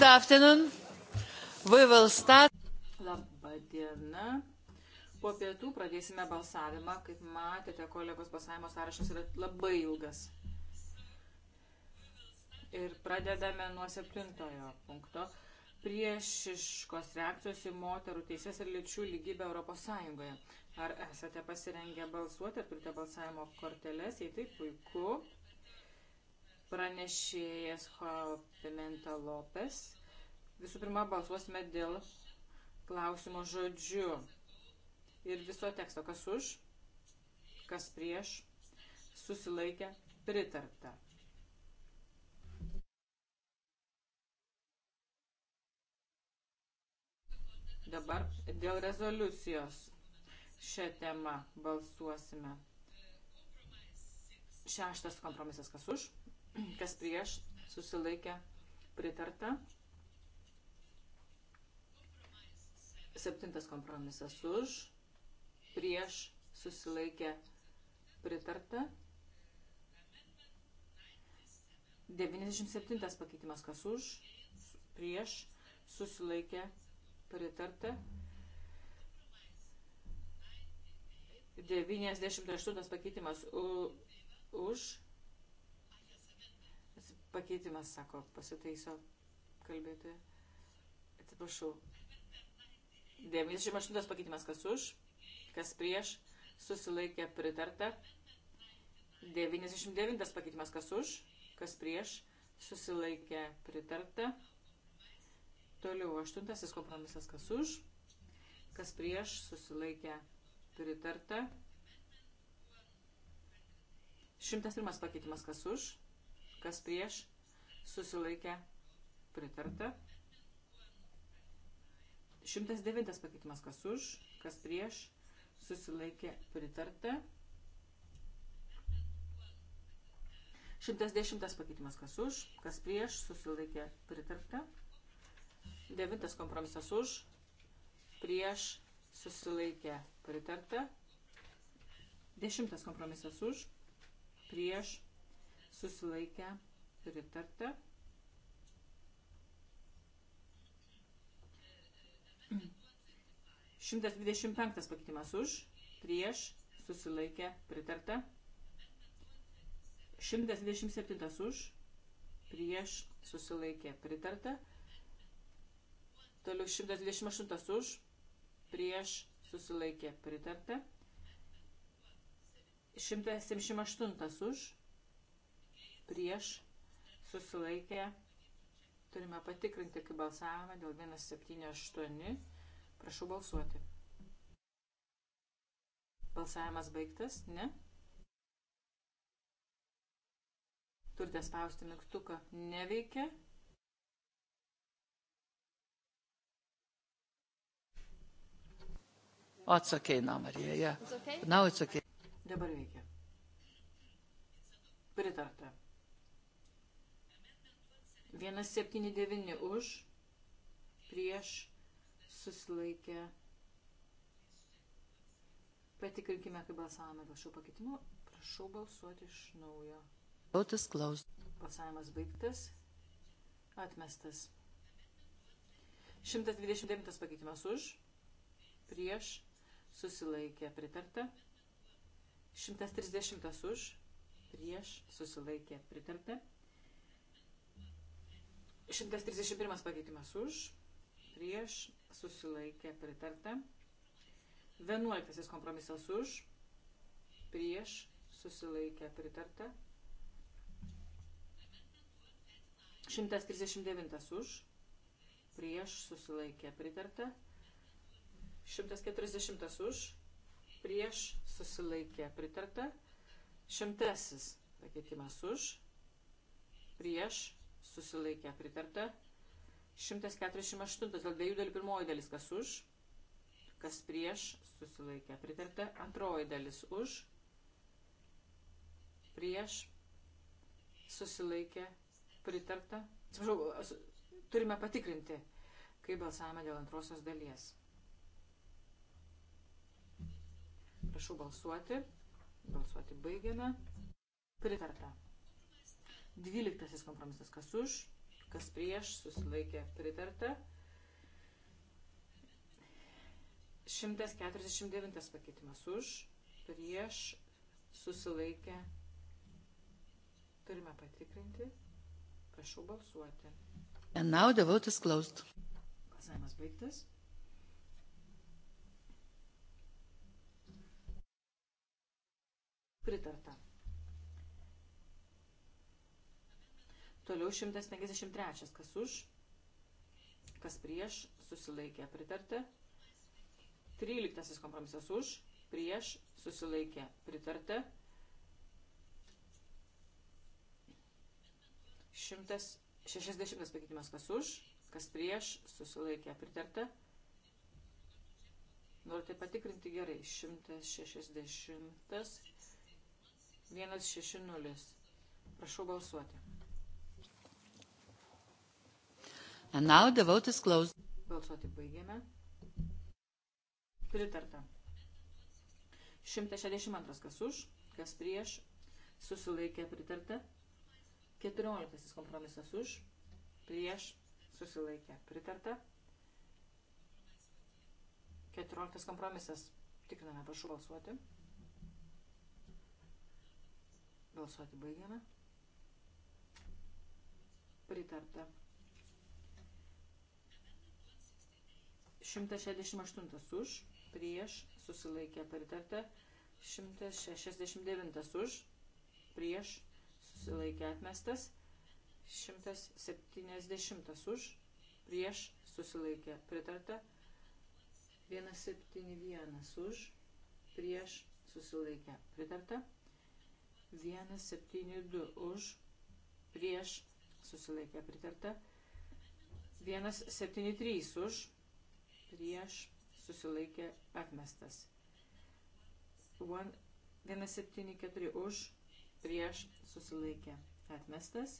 Good afternoon. We will start. Labadiena. Po pietų pradėsime balsavimą. Kaip matėte, kolegos balsavimo sąrašas yra labai ilgas. Ir pradedame nuo septintojo punkto. Priešiškos reakcijos į moterų teises ir lyčių lygybę Europos Sąjungoje. Ar esate pasirengę balsuoti, ar turite balsavimo korteles? Jei taip, puiku pranešėjas Pimenta Lopes. Visų pirma, balsuosime dėl klausimo žodžiu ir viso teksto, kas už, kas prieš, susilaikė, pritarta. Dabar dėl rezoliucijos šią temą balsuosime. Šeštas kompromisas, kas už, Kas prieš? Susilaikė pritarta. Septintas kompromisas už. Prieš susilaikė pritarta. 97 pakeitimas kas už, prieš, susilaikė, pritarta. 98 pakeitimas u, už, pakeitimas, sako, pasitaiso kalbėti. Atsiprašau. 98 pakeitimas, kas už, kas prieš, susilaikė pritarta. 99 pakeitimas, kas už, kas prieš, susilaikė pritarta. Toliau 8 kompromisas, kas už, kas prieš, susilaikė pritarta. 101 pakeitimas, kas už, Kas prieš? Susilaikė. Pritarta. 109 pakeitimas. Kas už? Kas prieš? Susilaikė. Pritarta. 110 pakeitimas. Kas už? Kas prieš? Susilaikė. Pritarta. 9 kompromisas už. Prieš. Susilaikė. Pritarta. Dešimtas kompromisas už, prieš, susilaikę, pritarta. Šimtas dvidešimt penktas pakeitimas už, prieš, susilaikę, pritarta. 127 už, prieš susilaikė pritarta. Toliau 128 už, prieš susilaikė pritarta. 178 už, prieš, susilaikė. Turime patikrinti, kaip balsavome dėl 178. Prašau balsuoti. Balsavimas baigtas, ne? Turite spausti mygtuką, neveikia. O, it's okay now, Marija, yeah. It's okay? Now it's okay. Dabar veikia. Pritarta. 179 už, prieš susilaikę. Patikrinkime, kaip balsavome dėl šio pakeitimo. Prašau balsuoti iš naujo. Votas klaus. Balsavimas baigtas. Atmestas. 129 pakeitimas už, prieš susilaikė pritarta. 130 už, prieš susilaikė pritarta. 131 pakeitimas už, prieš, susilaikė, pritarta. 11 kompromisas už, prieš, susilaikė, pritarta. 139 už, prieš, susilaikė, pritarta. 140 už, prieš, susilaikė, pritarta. Šimtasis pakeitimas už, prieš, susilaikė pritarta. 148 dėl dviejų dalių pirmoji dalis kas už, kas prieš susilaikė pritarta. Antroji dalis už, prieš susilaikė pritarta. Atsiprašau, turime patikrinti, kaip balsavome dėl antrosios dalies. Prašau balsuoti. Balsuoti baigiame. Pritarta. Dvyliktasis kompromisas. Kas už, kas prieš, susilaikė pritarta. 149 pakeitimas už, prieš, susilaikė. Turime patikrinti. Prašau balsuoti. And now the vote is closed. Balsavimas baigtas. Pritarta. Toliau 153. Kas už, kas prieš, susilaikė pritarta. 13. Kompromisas už, prieš, susilaikė pritarta. 160 pakeitimas kas už, kas prieš, susilaikė pritarta. Noriu tai patikrinti gerai. 160. 160. Prašau balsuoti. And now the vote is closed. Balsuoti baigėme. Pritarta. 162 kas už, kas prieš, susilaikė pritarta. 14 kompromisas už, prieš, susilaikė pritarta. 14 kompromisas. Tikriname, prašau balsuoti. Balsuoti baigiame. Pritarta. 168 už, prieš, susilaikė pritarta, 169 už, prieš, susilaikė atmestas, 170 už, prieš, susilaikė pritarta, 171 už, prieš, susilaikė pritarta, 172 už, prieš, susilaikė pritarta, 173 už, prieš susilaikė atmestas. 174 už prieš susilaikė atmestas.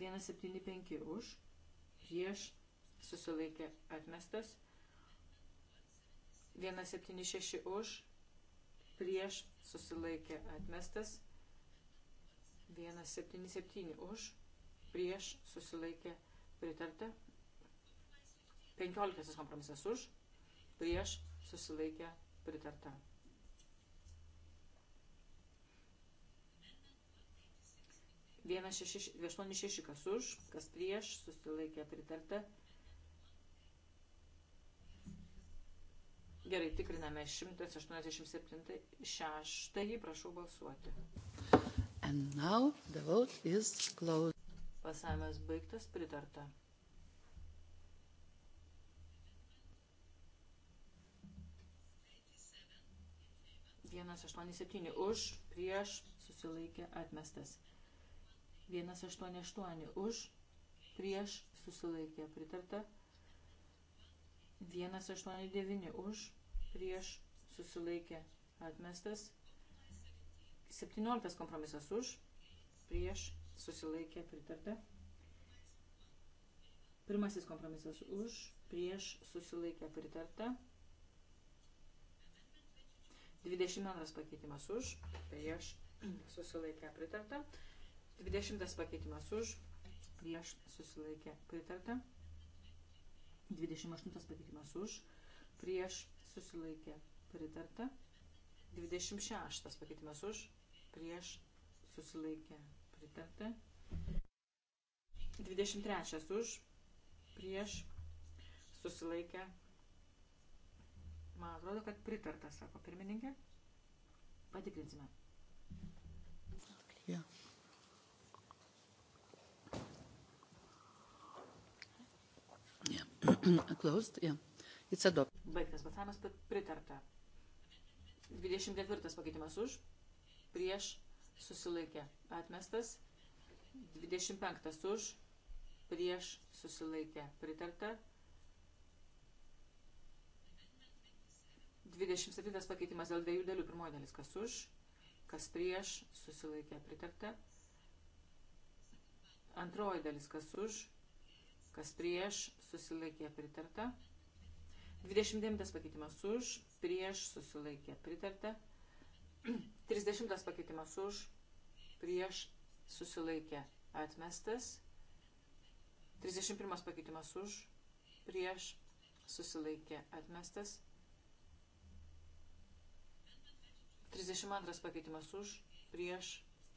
175 už prieš susilaikė atmestas. 176 už prieš susilaikė atmestas. 177 už prieš susilaikė pritarta. 15 kompromisas už, prieš susilaikė pritarta. Vienas šeši, aštuoni šeši, kas už, kas prieš, susilaikė pritarta. Gerai, tikriname 186, prašau balsuoti. And now the vote is closed. Pasavimas baigtas, pritarta. 187 už, prieš, susilaikė atmestas. 188 už, prieš, susilaikė pritarta. 189 už, prieš, susilaikė atmestas. 17 kompromisas už, prieš, susilaikė pritarta. Pirmasis kompromisas už, prieš, susilaikė pritarta. 22 pakeitimas už, prieš susilaikę pritarta. 20 pakeitimas už, prieš susilaikę pritarta. 28 pakeitimas už, prieš susilaikę pritarta. 26 pakeitimas už, prieš susilaikę pritarta. 23 už, prieš susilaikę pritarta. Man atrodo, kad pritarta, sako pirmininkė. Patikrinsime. Yeah. Closed, yeah. It's adopted. Baigtas balsavimas pritarta. 24 pakeitimas už, prieš susilaikė atmestas. 25 už, prieš susilaikė pritarta. 27 pakeitimas dėl dviejų dalių. Pirmoji dalis kas už, kas prieš, susilaikė pritarta. Antroji dalis kas už, kas prieš, susilaikė pritarta. 29 pakeitimas už, prieš, susilaikė pritarta. 30 pakeitimas už, prieš, susilaikė atmestas. 31 pakeitimas už, prieš, susilaikė atmestas. 32 pakeitimas už, prieš,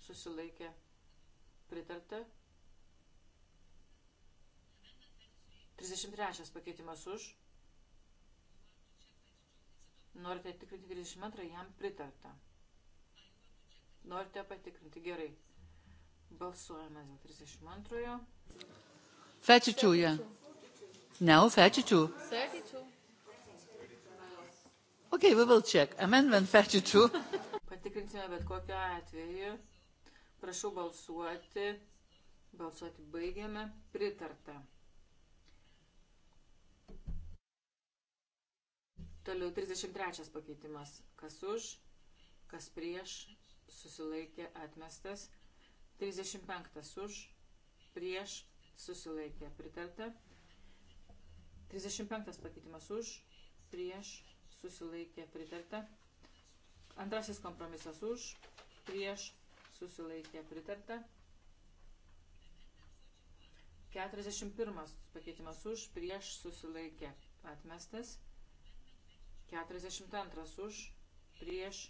susilaikė, pritarta. 33 pakeitimas už. Norite tikrinti 32, jam pritarta. Norite patikrinti, gerai. Balsuojame dėl 32. 32, ja. Ne, 32. 32. Okay, we will check. Amendment 32. Patikrinsime bet kokiu atveju. Prašau balsuoti. Balsuoti baigiame. Pritarta. Toliau 33 pakeitimas. Kas už, kas prieš, susilaikė atmestas. 35 už, prieš, susilaikė pritarta. 35 pakeitimas už, prieš, susilaikė pritarta. Antrasis kompromisas už, prieš susilaikė pritarta. 41 pakeitimas už, prieš susilaikė atmestas. 42 už, prieš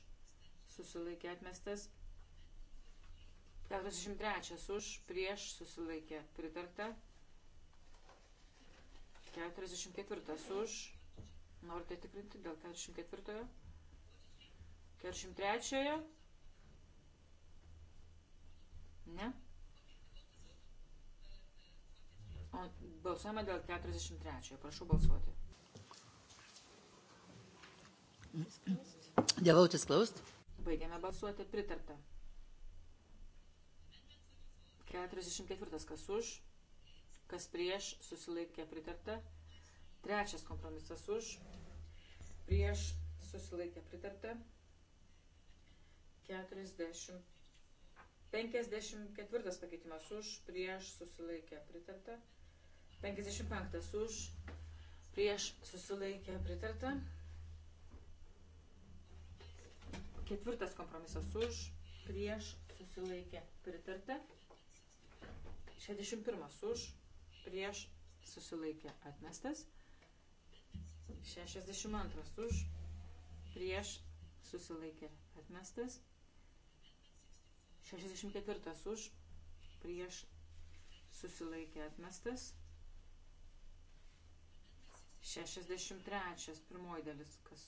susilaikė atmestas. 43 už, prieš susilaikė pritarta. 44 už, Norite tikrinti dėl 44-ojo? 43-ojo? Ne? O balsuojame dėl 43-ojo. Prašau balsuoti. Dievautis klaust. Baigiame balsuoti. Pritarta. 44 kas už, kas prieš, susilaikė pritarta. 44. Trečias kompromisas už, prieš susilaikė pritarta. 40. 54 pakeitimas už, prieš susilaikė pritarta. 55 už, prieš susilaikė pritarta. Ketvirtas kompromisas už, prieš susilaikė pritarta. 61 už, prieš susilaikė atmestas. 62 už, prieš susilaikė atmestas. 64 už, prieš susilaikė atmestas. 63 pirmoji dalis, kas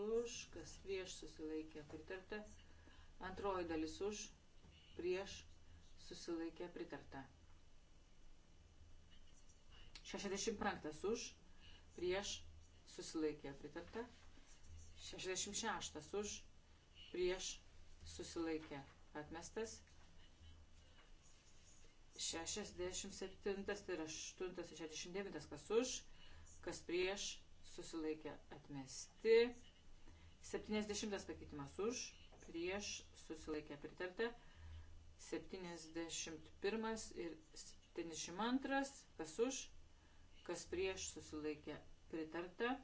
už, kas prieš susilaikė pritarta. Antroji dalis už, prieš susilaikė pritarta. 65 už, prieš susilaikė pritarta. 66 už, prieš susilaikė atmestas. 67 tai ir 8, 69 kas už, kas prieš susilaikė atmesti. 70 pakeitimas už, prieš susilaikė pritarta. 71 ir 72 kas už, kas prieš susilaikė pritarta.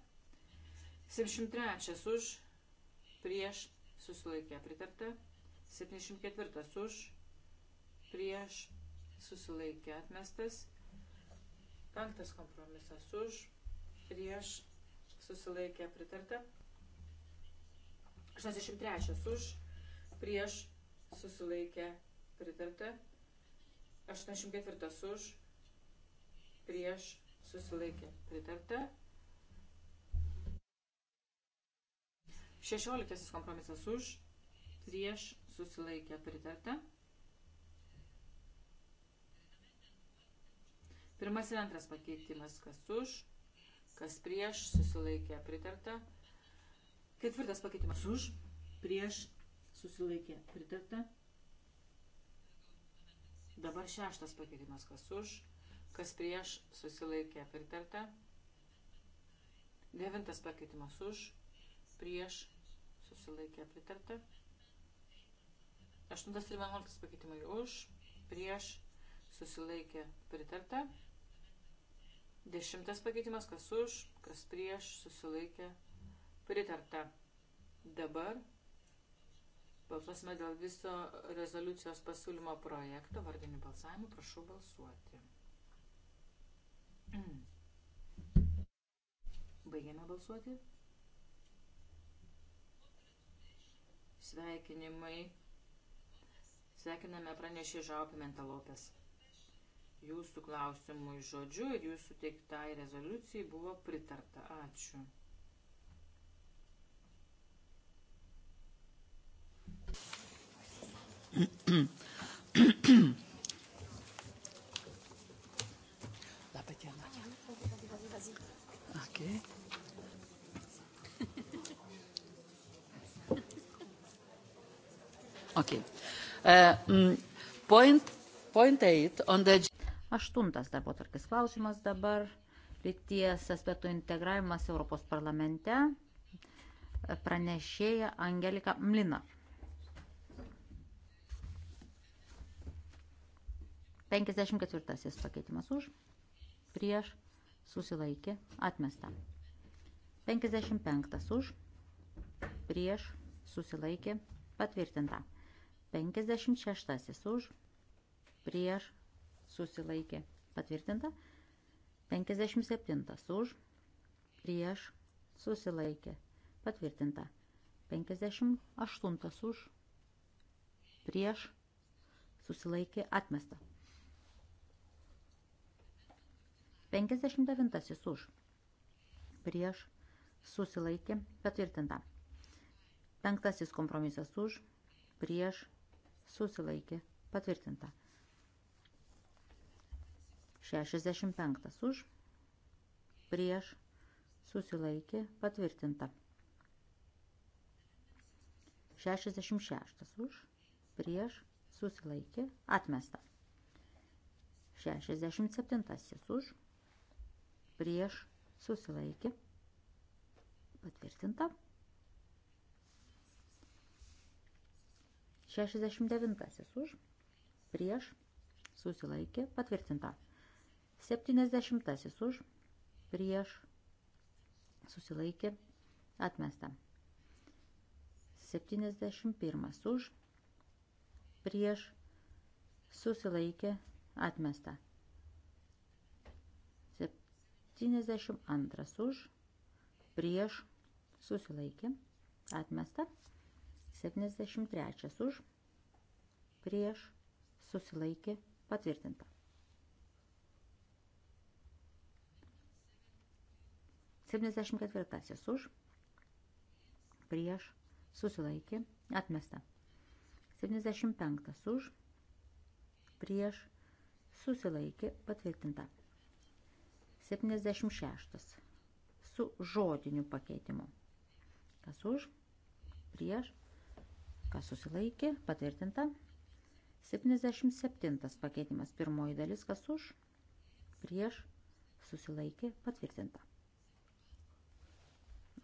73 už, prieš, susilaikė, pritarta. 74 už, prieš, susilaikė, atmestas. 5 kompromisas už, prieš, susilaikė, pritarta. 63 už, prieš, susilaikė, pritarta. 84 už, prieš, susilaikė, pritarta. Šešioliktasis kompromisas už, prieš susilaikė pritarta. Pirmas ir antras pakeitimas, kas už, kas prieš susilaikė pritarta. Ketvirtas pakeitimas už, prieš susilaikė pritarta. Dabar šeštas pakeitimas, kas už, kas prieš susilaikė pritarta. Devintas pakeitimas už, prieš susilaikė pritarta. 8 ir 11 pakeitimai už, prieš, susilaikė pritarta. 10 pakeitimas, kas už, kas prieš, susilaikė pritarta. Dabar balsuosime dėl viso rezoliucijos pasiūlymo projekto vardinių balsavimų. Prašau balsuoti. Baigėme balsuoti. Sveikinimai. Sveikiname pranešė Žaupį Mentalopės. Jūsų klausimui žodžiu ir jūsų teiktai rezoliucijai buvo pritarta. Ačiū. Okay. Uh, mm, point, point eight on the... Aštuntas darbo tarkis klausimas dabar. Lyties aspektų integravimas Europos parlamente. Pranešėja Angelika Mlina. Penkiasdešimt ketvirtasis pakeitimas už. Prieš. Susilaikė. Atmesta. Penkiasdešimt penktas už. Prieš. Susilaikė. Patvirtinta. 56 už, prieš, susilaikė, patvirtinta. 57 už, prieš, susilaikė, patvirtinta. 58 už, prieš, susilaikė, atmesta. 59 už, prieš, susilaikė, patvirtinta. Penktasis kompromisas už, prieš, susilaikė, patvirtinta. 65 už, prieš, susilaikė, patvirtinta. 66 už, prieš, susilaikė, atmesta. 67 už, prieš, susilaikė, patvirtinta. 69 už, prieš, susilaikė, patvirtinta. 70 už, prieš, susilaikė, atmesta. 71 už, prieš, susilaikė, atmesta. 72 už, prieš, susilaikė, atmesta. 73 už, prieš, susilaikė, patvirtinta. 74 už, prieš, susilaikė, atmesta. 75 už, prieš, susilaikė, patvirtinta. 76 su žodiniu pakeitimu. Kas už, prieš, kas susilaikė, patvirtinta. 77 pakeitimas pirmoji dalis, kas už, prieš, susilaikė, patvirtinta.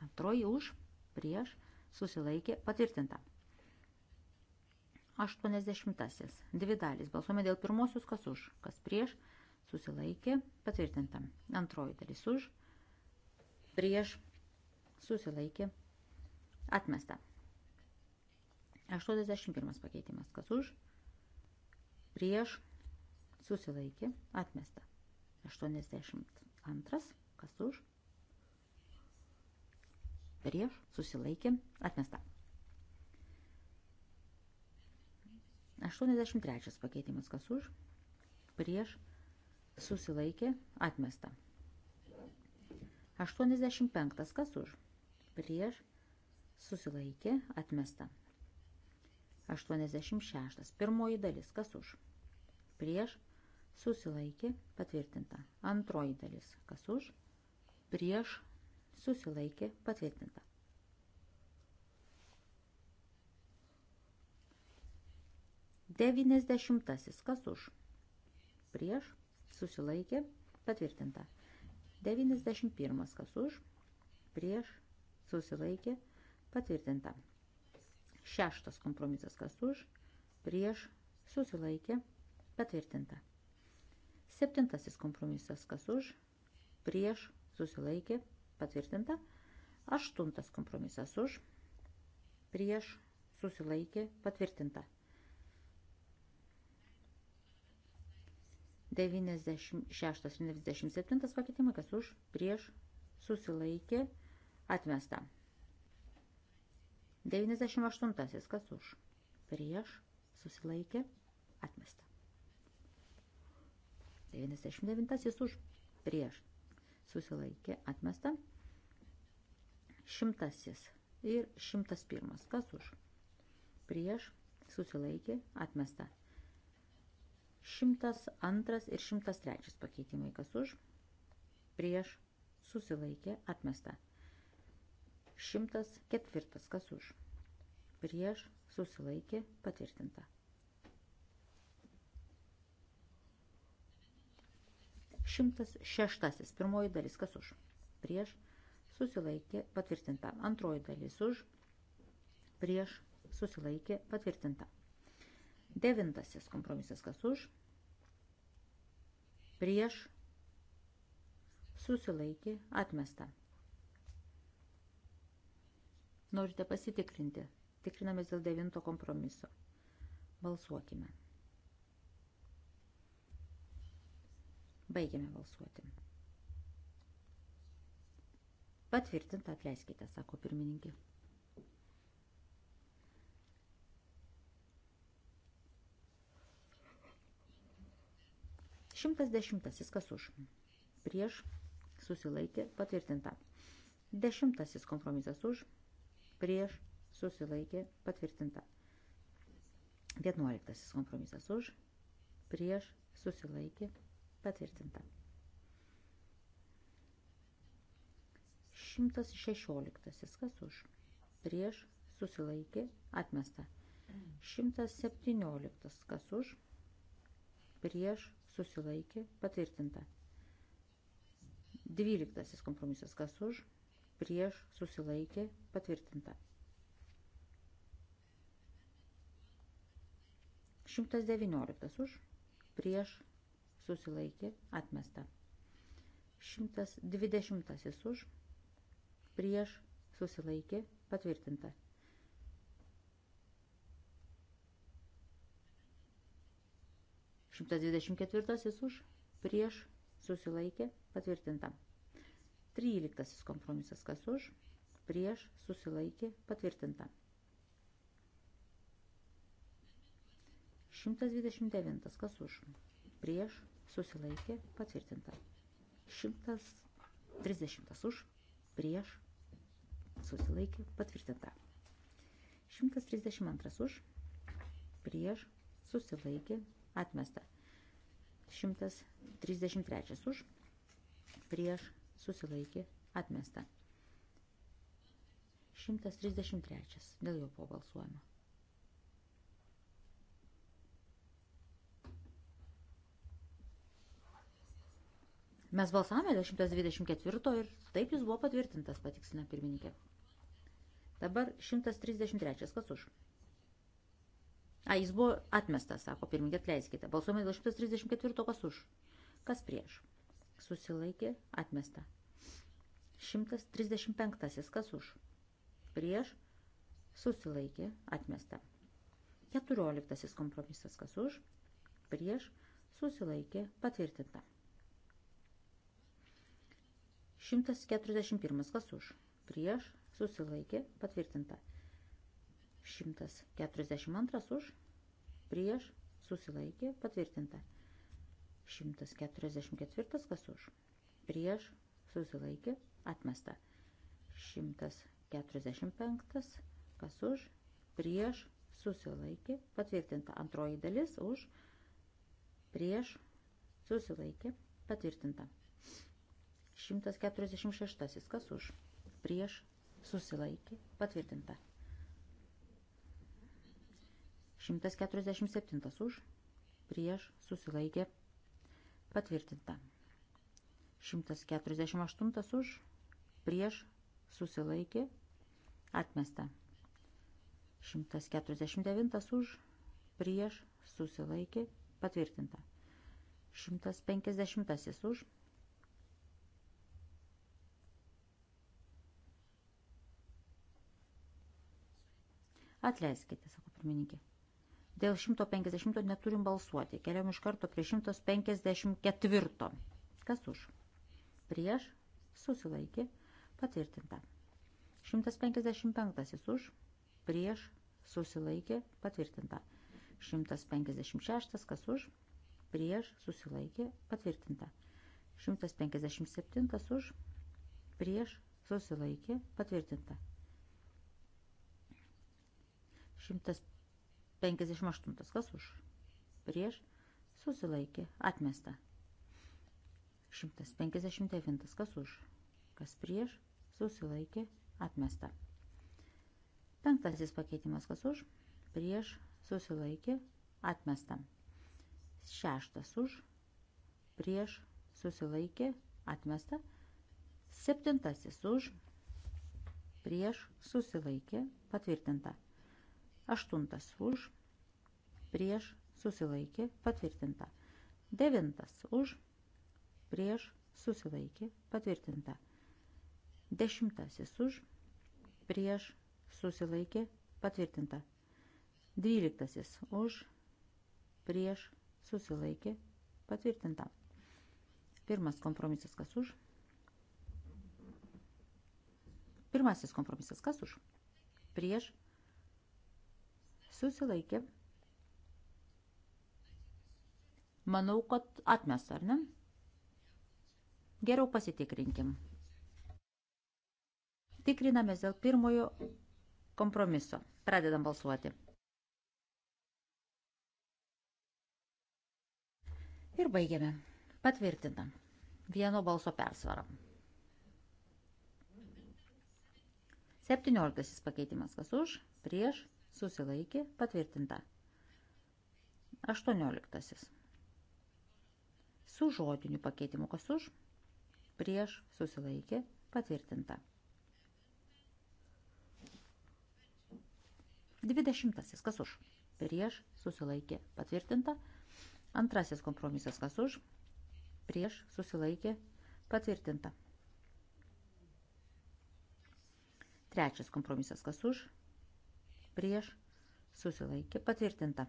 Antroji už, prieš, susilaikė, patvirtinta. 80. Dvi dalys. Balsuome dėl pirmosios, kas už, kas prieš, susilaikė, patvirtinta. Antroji dalis už, prieš, susilaikė, atmesta. 81 pakeitimas. Kas už? Prieš susilaikė. Atmesta. 82. Kas už? Prieš susilaikė. Atmesta. 83 pakeitimas. Kas už? Prieš susilaikė. Atmesta. 85. Kas už? Prieš susilaikė. Atmesta. 86. Pirmoji dalis. Kas už? Prieš. Susilaikė. Patvirtinta. Antroji dalis. Kas už? Prieš. Susilaikė. Patvirtinta. Devynesdešimtasis. Kas už? Prieš. Susilaikė. Patvirtinta. Devynesdešimt pirmas. Kas už? Prieš. Susilaikė. Patvirtinta. Šeštas kompromisas kas už, prieš, susilaikė, patvirtinta. Septintasis kompromisas kas už, prieš, susilaikė, patvirtinta. Aštuntas kompromisas už, prieš, susilaikė, patvirtinta. 96 ir 97 pakeitimai kas už, prieš, susilaikė, atmesta. 98. Kas už? Prieš. Susilaikė. Atmesta. 99. Už. Prieš. Susilaikė. Atmesta. 100. Ir 101. Kas už? Prieš. Susilaikė. Atmesta. 102 ir 103 pakeitimai. Kas už? Prieš. Susilaikė. Atmesta. 104. Kas už? Prieš susilaikė patvirtinta. 106. Pirmoji dalis. Kas už? Prieš susilaikė patvirtinta. Antroji dalis už. Prieš susilaikė patvirtinta. Devintasis kompromisas. Kas už? Prieš susilaikė atmesta. Norite pasitikrinti? Tikrinamės dėl devinto kompromiso. Balsuokime. Baigiame balsuoti. Patvirtinta, atleiskite, sako pirmininkė. Šimtas dešimtasis kas už. Prieš susilaikė patvirtinta. Dešimtasis kompromisas už prieš susilaikė patvirtinta. 11 kompromisas už prieš susilaikė patvirtinta. 116 kas už prieš susilaikė atmesta. 117 kas už prieš susilaikė patvirtinta. 12 kompromisas kas už prieš susilaikė patvirtinta. 119 už prieš susilaikė atmesta. 120 už prieš susilaikė patvirtinta. 124 už prieš susilaikė patvirtinta. 13 kompromisas kas už, prieš susilaikė patvirtinta. 129 kas už, prieš susilaikė patvirtinta. 130 už, prieš susilaikė patvirtinta. 132 už, prieš susilaikė atmesta. 133 už, prieš susilaikė, atmesta. 133. Dėl jo pabalsuojame. Mes balsavome dėl 124 ir taip jis buvo patvirtintas, patiksina pirmininkė. Dabar 133. Kas už? A, jis buvo atmestas, sako pirmininkė, atleiskite. Balsuojame dėl 134. Kas už? Kas prieš? susilaikė, atmesta. 135. Kas už? Prieš, susilaikė, atmesta. 14. Kompromisas. Kas už? Prieš, susilaikė, patvirtinta. 141. Kas už? Prieš, susilaikė, patvirtinta. 142 už, prieš, susilaikė, patvirtinta. 144 kas už. Prieš susilaikė atmesta. 145 kas už. Prieš susilaikė patvirtinta. Antroji dalis už. Prieš susilaikė patvirtinta. 146 kas už. Prieš susilaikė patvirtinta. 147 už. Prieš susilaikė patvirtinta. Patvirtinta. 148 už, prieš, susilaikė, atmesta. 149 už, prieš, susilaikė, patvirtinta. 150 už. Atleiskite, sako pirmininkė. Dėl 150 neturim balsuoti. Keliam iš karto prie 154. Kas už? Prieš susilaikė patvirtinta. 155 jis už, prieš susilaikė patvirtinta. 156 kas už, prieš susilaikė patvirtinta. 157 už, prieš susilaikė patvirtinta. 100 58. Kas už? Prieš. Susilaikė. Atmesta. 159. Kas už? Kas prieš? Susilaikė. Atmesta. Penktasis pakeitimas. Kas už? Prieš. Susilaikė. Atmesta. Šeštas už. Prieš. Susilaikė. Atmesta. Septintasis už. Prieš. Susilaikė. Patvirtinta. Aštuntas už, prieš, susilaikė, patvirtinta. Devintas už, prieš, susilaikė, patvirtinta. Dešimtasis už, prieš, susilaikė, patvirtinta. Dvyliktasis už, prieš, susilaikė, patvirtinta. Pirmas kompromisas kas už? Pirmasis kompromisas kas už? Prieš susilaikė. Manau, kad atmes, ar ne? Geriau pasitikrinkim. Tikrinamės dėl pirmojo kompromiso. Pradedam balsuoti. Ir baigiame. Patvirtinam. Vieno balso persvarą. 17 pakeitimas kas už, prieš, susilaikė, patvirtinta. 18. Su žodiniu pakeitimu kas už, prieš, susilaikė, patvirtinta. 20. Kas už? Prieš susilaikė patvirtinta. Antrasis kompromisas. Kas už? Prieš susilaikė patvirtinta. Trečias kompromisas. Kas už? prieš susilaikė patvirtinta.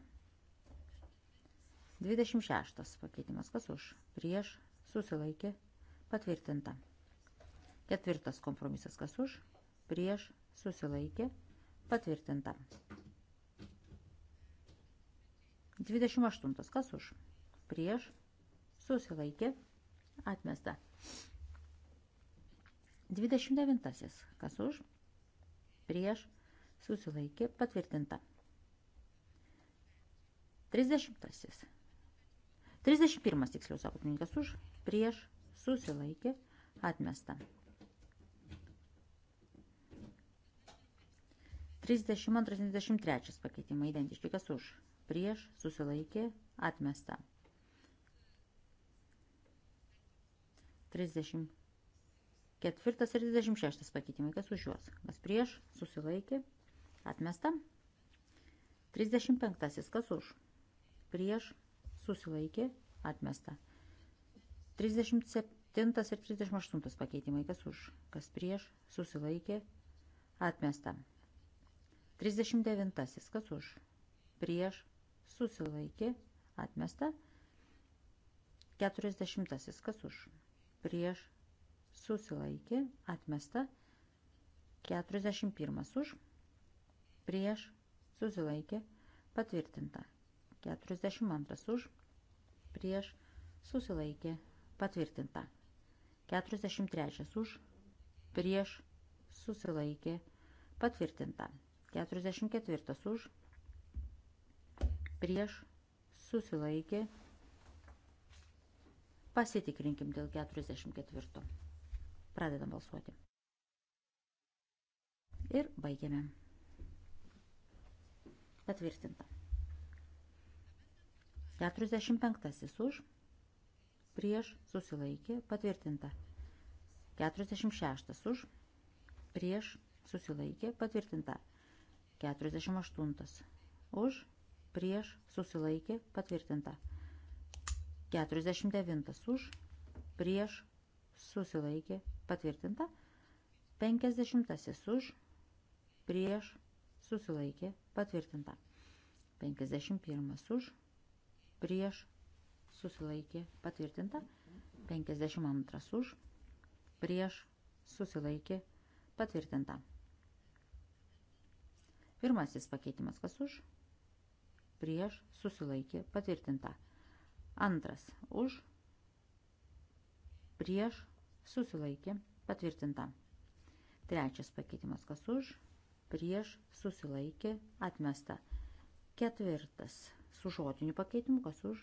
26 pakeitimas kas už, prieš susilaikė patvirtinta. Ketvirtas kompromisas kas už, prieš susilaikė patvirtinta. 28 kas už, prieš susilaikė atmesta. 29 kas už, prieš susilaikė susilaikė patvirtinta. 30. 31 tiksliau sako kunigas už, prieš, susilaikė, atmesta. 32-33 pakeitimai identiški, kas už, prieš, susilaikė, atmesta. 34 ir 36 pakeitimai, kas už juos, kas prieš, susilaikė, atmesta. Atmesta. 35. Kas už? Prieš susilaikė. Atmesta. 37 ir 38 pakeitimai. Kas už? Kas prieš susilaikė. Atmesta. 39. Kas už? Prieš susilaikė. Atmesta. 40. Kas už? Prieš susilaikė. Atmesta. 41. Už prieš, susilaikė, patvirtinta. 42 už, prieš, susilaikė, patvirtinta. 43 už, prieš, susilaikė, patvirtinta. 44 už, prieš, susilaikė, pasitikrinkim dėl 44. Pradedam balsuoti. Ir baigiame. Patvirtinta. 45 už, prieš, susilaikė, patvirtinta. 46 už, prieš, susilaikė, patvirtinta. 48 už, prieš, susilaikė, patvirtinta. 49 už, prieš, susilaikė, patvirtinta. 50 už, prieš, susilaikė, patvirtinta. 51 už, prieš, susilaikė, patvirtinta. 52 už, prieš, susilaikė, patvirtinta. Pirmasis pakeitimas kas už, prieš, susilaikė, patvirtinta. Antras už, prieš, susilaikė, patvirtinta. Trečias pakeitimas kas už, prieš, susilaikė, patvirtinta prieš susilaikė atmesta. Ketvirtas su žodiniu pakeitimu, kas už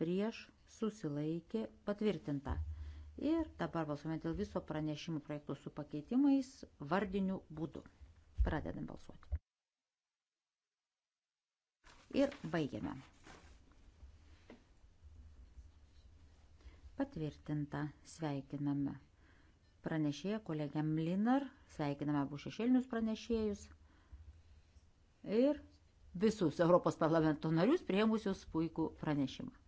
prieš susilaikė patvirtinta. Ir dabar balsuojame dėl viso pranešimų projektų su pakeitimais vardiniu būdu. Pradedam balsuoti. Ir baigiame. Patvirtinta. Sveikiname pranešėja kolegė Mlinar, sveikiname abu šešėlinius pranešėjus ir visus Europos parlamento narius prieimusius puikų pranešimą.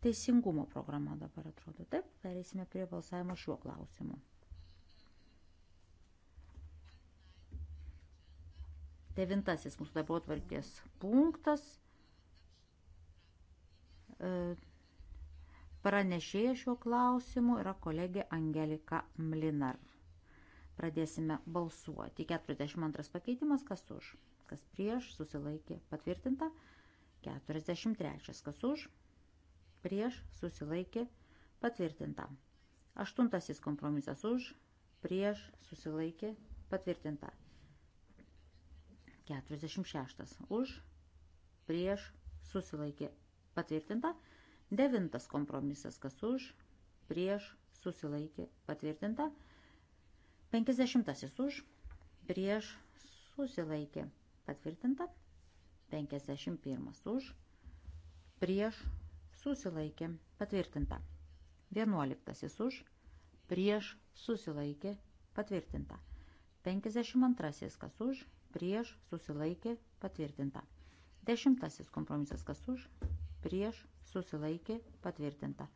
teisingumo programa dabar atrodo. Taip, pereisime prie balsavimo šiuo klausimu. Devintasis mūsų darbo atvarkės punktas. E, pranešėja šiuo klausimu yra kolegė Angelika Mlinar. Pradėsime balsuoti. 42 pakeitimas, kas už, kas prieš, susilaikė, patvirtinta. 43, kas už, prieš, susilaikė, patvirtinta. Aštuntasis kompromisas už, prieš, susilaikė, patvirtinta. 46. Už, prieš, susilaikė, patvirtinta. Devintas kompromisas, kas už, prieš, susilaikė, patvirtinta. 50. Už, prieš, susilaikė, patvirtinta. 51. Už, prieš, susilaikė, patvirtinta. 11 už, prieš, susilaikė, patvirtinta. 52 kas už, prieš, susilaikė, patvirtinta. 10 kompromisas kas už, prieš, susilaikė, patvirtinta.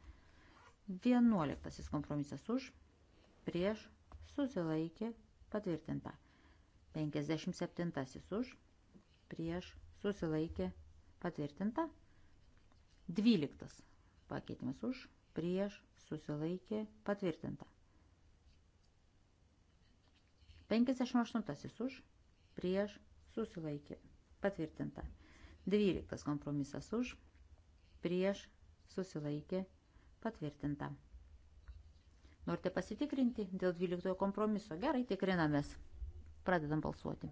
11 kompromisas už, prieš, susilaikė, patvirtinta. 57 už, prieš, susilaikė, patvirtinta. Dvyliktas pakeitimas už, prieš, susilaikė, patvirtinta. 58 už, prieš, susilaikė, patvirtinta. 12 kompromisas už, prieš, susilaikė, patvirtinta. Norite pasitikrinti dėl 12 kompromiso? Gerai, tikrinamės. Pradedam balsuoti.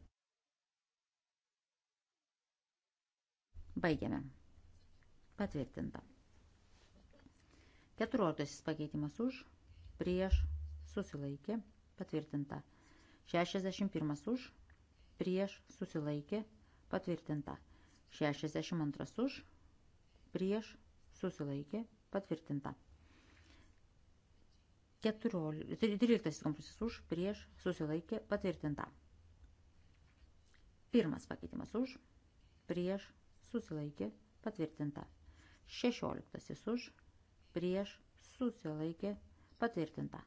Baigiame. Patvirtinta. 14 pakeitimas už, prieš, susilaikė, patvirtinta. 61 už, prieš, susilaikė, patvirtinta. 62 už, prieš, susilaikė, patvirtinta. 14, 13 kompromisas už, prieš, susilaikė, patvirtinta. Pirmas pakeitimas už, prieš, susilaikė, patvirtinta. Šešioliktasis už, prieš, susilaikė, patvirtinta.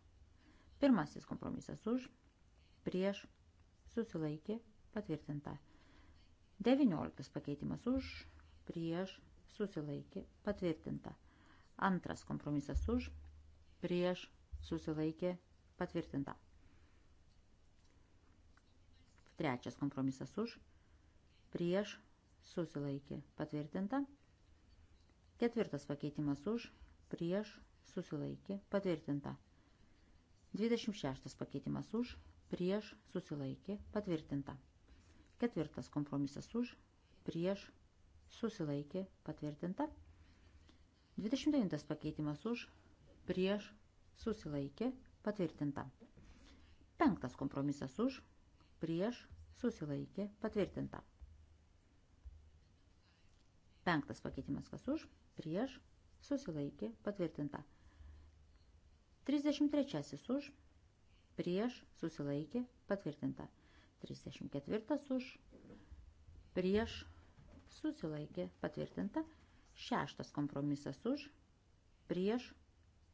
Pirmasis kompromisas už, prieš, susilaikė, patvirtinta. Devynioliktas pakeitimas už, prieš, susilaikė, patvirtinta. Antras kompromisas už, prieš, susilaikė, patvirtinta. Trečias kompromisas už, prieš, susilaikė, patvirtinta. Ketvirtas pakeitimas už, prieš, susilaikė, patvirtinta. 26 pakeitimas už, prieš, susilaikė, patvirtinta. Ketvirtas kompromisas už, prieš, susilaikė, patvirtinta. 29 pakeitimas už, prieš, susilaikė, patvirtinta. Penktas kompromisas už, prieš, susilaikė, patvirtinta. Penktas pakeitimas kas už, prieš, susilaikė, patvirtinta. 33 už, prieš, susilaikė, patvirtinta. 34 už, prieš, susilaikė, patvirtinta. Šeštas kompromisas už, prieš,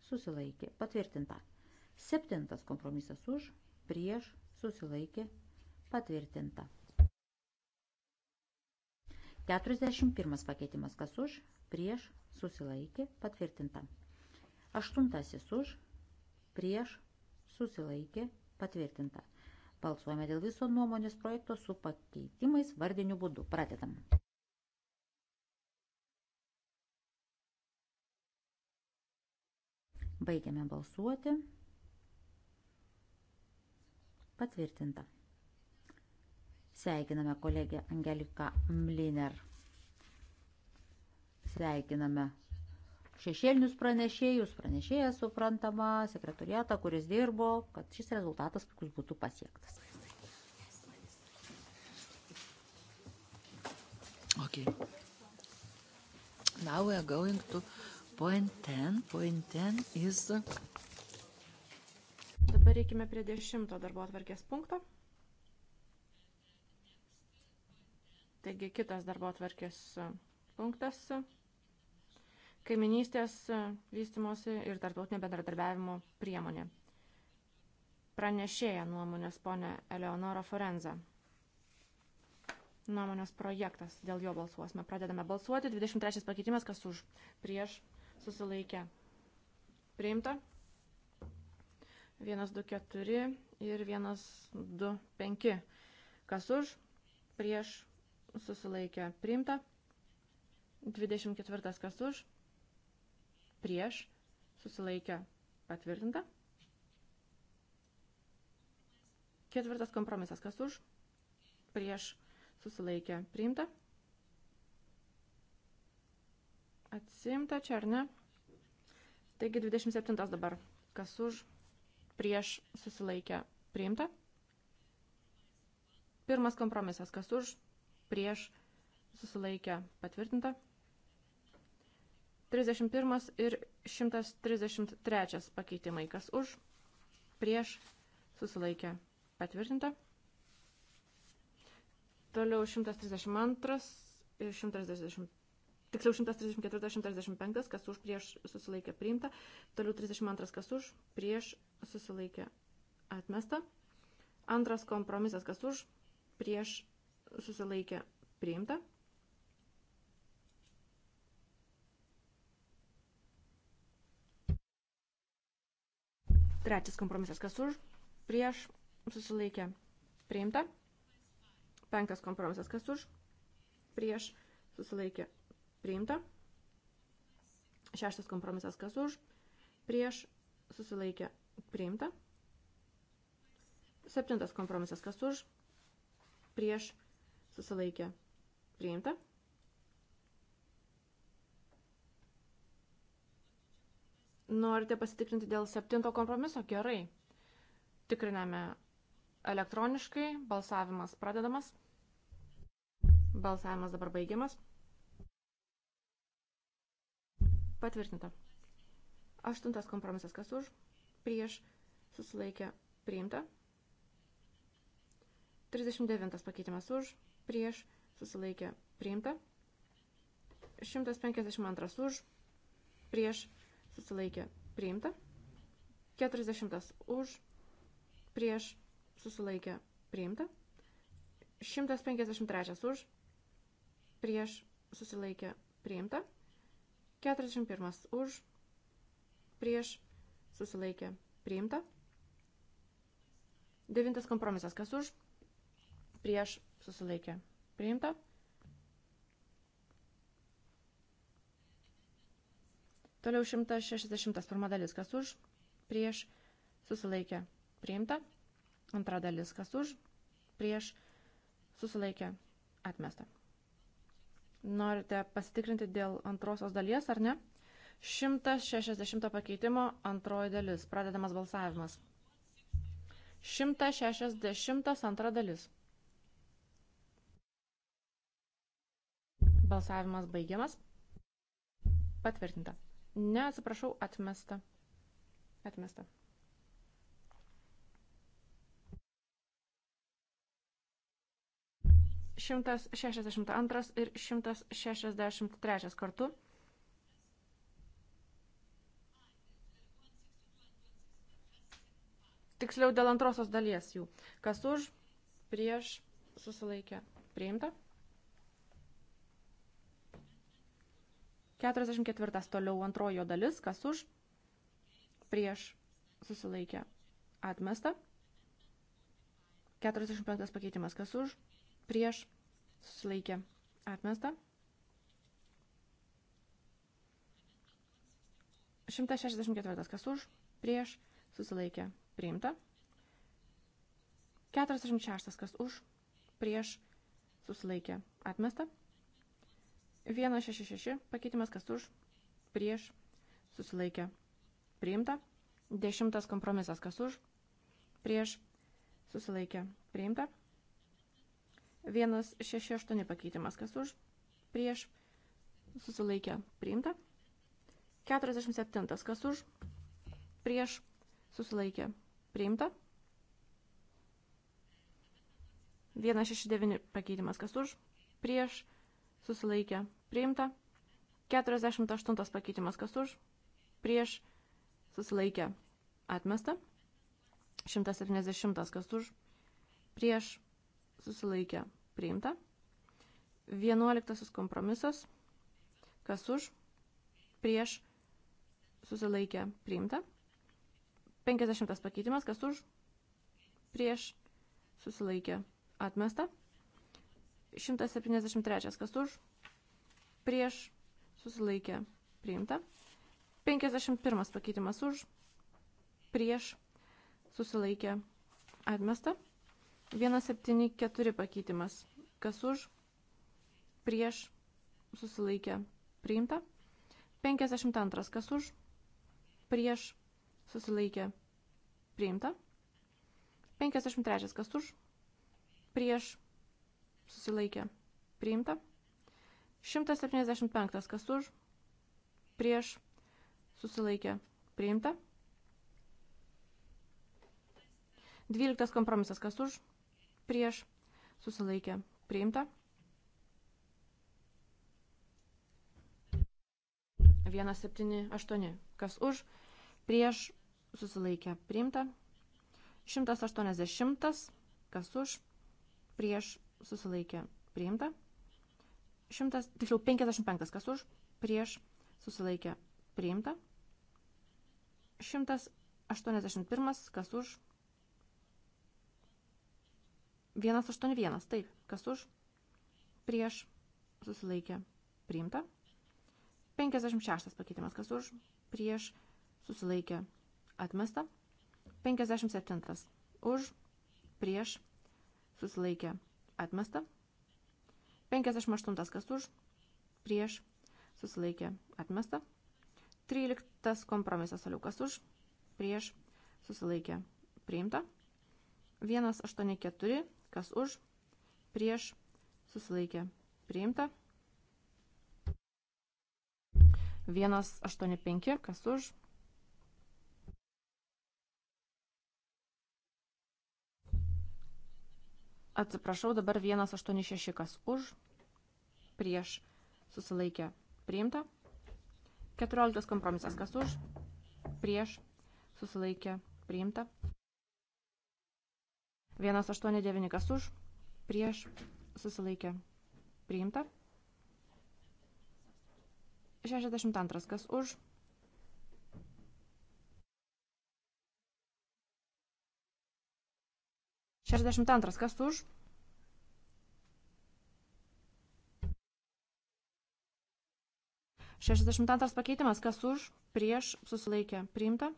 susilaikė, patvirtinta. Septintas kompromisas už, prieš, susilaikė, patvirtinta. 41 pakeitimas kas už, prieš susilaikė patvirtinta. Aštuntasis už prieš susilaikė patvirtinta. Balsuojame dėl viso nuomonės projekto su pakeitimais vardiniu būdu. Pradedam. Baigiame balsuoti. Patvirtinta. Sveikiname kolegę Angeliką Mliner. Sveikiname šešėlinius pranešėjus, pranešėjas suprantama, sekretoriatą, kuris dirbo, kad šis rezultatas puikus būtų pasiektas. Okay. Now we are going to point 10. Point 10 is... Dabar reikime prie dešimto darbo atvarkės punkto. Taigi kitas darbo atvarkės punktas kaiminystės e, vystimosi ir tarptautinio bendradarbiavimo priemonė. Pranešėja nuomonės ponė Eleonora Forenza. Nuomonės projektas, dėl jo balsuosime. Pradedame balsuoti. 23 pakeitimas, kas už, prieš, susilaikė. Priimta. 1, 2, 4 ir 1, 2, 5. Kas už, prieš, susilaikė. Priimta. 24 kas už, prieš, susilaikė patvirtinta. Ketvirtas kompromisas, kas už, prieš, susilaikė priimta. Atsimta čia, ar ne? Taigi 27 dabar, kas už, prieš, susilaikė priimta. Pirmas kompromisas, kas už, prieš, susilaikė patvirtinta. 31 ir 133 pakeitimai. Kas už, prieš, susilaikė, patvirtinta. Toliau 132 ir 130. Tiksliau 134-135, kas už prieš susilaikė priimta. Toliau 32, kas už prieš susilaikė atmesta. Antras kompromisas, kas už prieš susilaikė priimta. Trečias kompromisas, kas už, prieš, susilaikė, priimta. Penktas kompromisas, kas už, prieš, susilaikė, priimta. Šeštas kompromisas, kas už, prieš, susilaikė, priimta. Septintas kompromisas, kas už, prieš, susilaikė, priimta. Norite pasitikrinti dėl septinto kompromiso? Gerai. Tikriname elektroniškai. Balsavimas pradedamas. Balsavimas dabar baigiamas. Patvirtinta. Aštuntas kompromisas kas už? Prieš susilaikė priimta. 39 pakeitimas už, prieš susilaikė priimta. 152 už, prieš susilaikė priimta. 40 už, prieš susilaikė priimta. 153 už, prieš susilaikė priimta. 41 už, prieš susilaikė priimta. 9 kompromisas kas už, prieš susilaikė priimta. Toliau 161 dalis, kas už, prieš, susilaikė, priimta. Antra dalis, kas už, prieš, susilaikė, atmesta. Norite pasitikrinti dėl antrosios dalies, ar ne? 160 pakeitimo antroji dalis. Pradedamas balsavimas. 160 antra dalis. Balsavimas baigiamas. Patvirtinta. Ne, atsiprašau, atmesta. Atmesta. Šimtas šešiasdešimt antras ir šimtas šešiasdešimt trečias kartu. Tiksliau dėl antrosios dalies jų. Kas už, prieš, susilaikė, priimta. 44 toliau antrojo dalis, kas už, prieš susilaikė atmesta. 45 pakeitimas, kas už, prieš susilaikė atmesta. 164 kas už, prieš susilaikė priimta. 46 kas už, prieš susilaikė atmesta. 166 pakeitimas kas už, prieš, susilaikė, priimta. Dešimtas kompromisas kas už, prieš, susilaikė, priimta. 168 pakeitimas kas už, prieš, susilaikė, priimta. 47 kas už, prieš, susilaikė, priimta. 169 pakeitimas kas už, prieš, susilaikė, priimta. Priimta. 48 pakeitimas kas už, prieš susilaikę atmesta. 170 kas už, prieš susilaikę priimta. 11 kompromisas kas už, prieš susilaikę priimta. 50 pakeitimas kas už, prieš susilaikę atmesta. 173 kas už, prieš susilaikė priimta. 51 pakeitimas už, prieš susilaikė atmesta. 174 pakeitimas kas už, prieš susilaikė priimta. 52 kas už, prieš susilaikė priimta. 53 kas už, prieš susilaikė priimta. 175. Kas už? Prieš. Susilaikė. Priimta. 12. Kompromisas. Kas už? Prieš. Susilaikė. Priimta. 178. Kas už? Prieš. Susilaikė. Priimta. 180. Kas už? Prieš. Susilaikė. Priimta. 100, tiksliau 55, kas už, prieš, susilaikė, priimta. 181, kas už, 181, taip, kas už, prieš, susilaikė, priimta. 56 pakeitimas, kas už, prieš, susilaikė, atmesta. 57, už, prieš, susilaikė, atmesta. 58 kas už, prieš, susilaikė, atmesta. 13 kompromisas toliau kas už, prieš, susilaikė, priimta. 184 kas už, prieš, susilaikė, priimta. 185 kas už, Atsiprašau, dabar 186 kas už, prieš susilaikė priimta. 14 kompromisas kas už, prieš susilaikė priimta. 189 kas už, prieš susilaikė priimta. 62 kas už, prieš susilaikė priimta. 62. Kas už? Šešiasdešimt antras pakeitimas, kas už, prieš, susilaikė, priimta.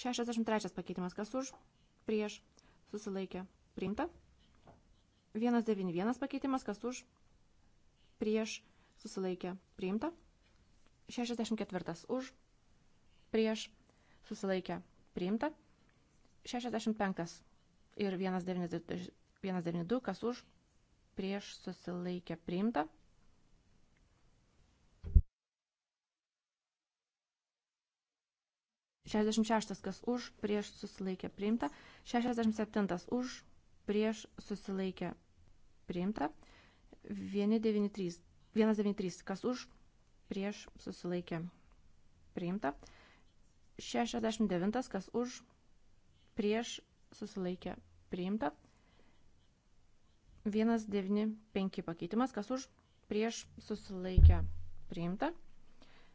Šešiasdešimt trečias pakeitimas, kas už, prieš, susilaikė, priimta. Vienas devyni vienas pakeitimas, kas už, prieš, susilaikė, priimta. Šešiasdešimt ketvirtas, už, prieš, susilaikė, priimta. Šešiasdešimt penktas, ir 192, kas už, prieš susilaikę priimta. Šešdešimt šeštas, kas už, prieš susilaikę priimta. Šešdešimt septintas, už, prieš susilaikę priimta. 193, 193, kas už, prieš susilaikę priimta. 69, kas už, prieš susilaikė priimta. 195 pakeitimas, kas už, prieš susilaikė priimta.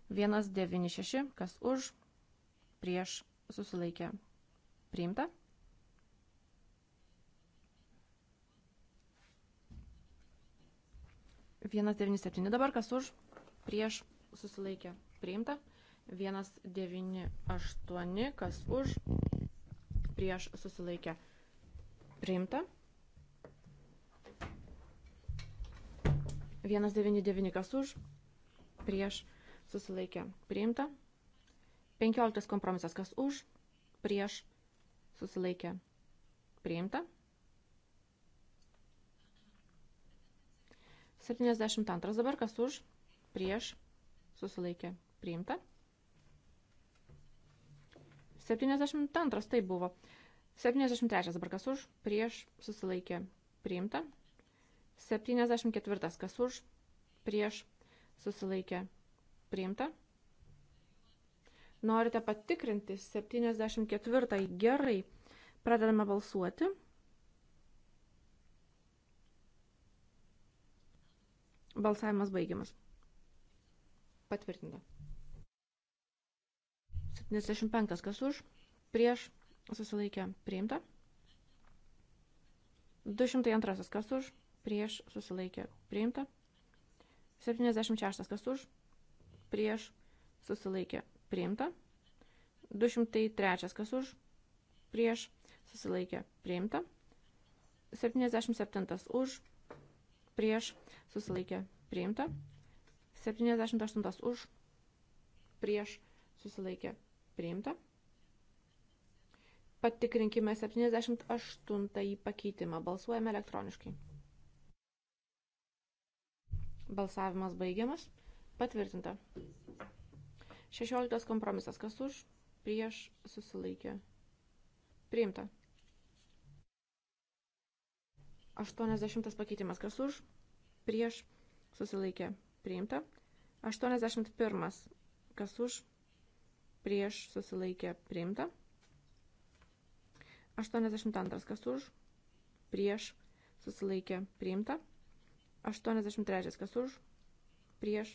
196, kas už, prieš susilaikė priimta. Vienas devyni septyni dabar, kas už, prieš susilaikė priimta. Vienas devyni aštuoni, kas už, prieš susilaikę priimta. 199 kas už, prieš susilaikę priimta. 15 kompromisas kas už, prieš susilaikę priimta. 72 dabar kas už, prieš susilaikę priimta. 72 tai buvo. 73 dabar kas už, prieš susilaikė priimta. 74 kas už, prieš susilaikė priimta. Norite patikrinti 74 gerai. Pradedame balsuoti. Balsavimas baigiamas. Patvirtinta. 75 kas už, prieš susilaikė priimta. 202 kas už, prieš susilaikė priimta. 76 kas už, prieš susilaikė priimta. 203 kas už, prieš susilaikė priimta. 77 už, prieš susilaikė priimta. 78 už, prieš susilaikė Priimta. Patikrinkime 78 pakeitimą. Balsuojame elektroniškai. Balsavimas baigiamas. Patvirtinta. 16 kompromisas. Kas už? Prieš susilaikė. Priimta. 80 pakeitimas. Kas už? Prieš susilaikė. Priimta. 81. Kas už? prieš susilaikė priimta. 82 kas už, prieš susilaikė priimta. 83 kas už, prieš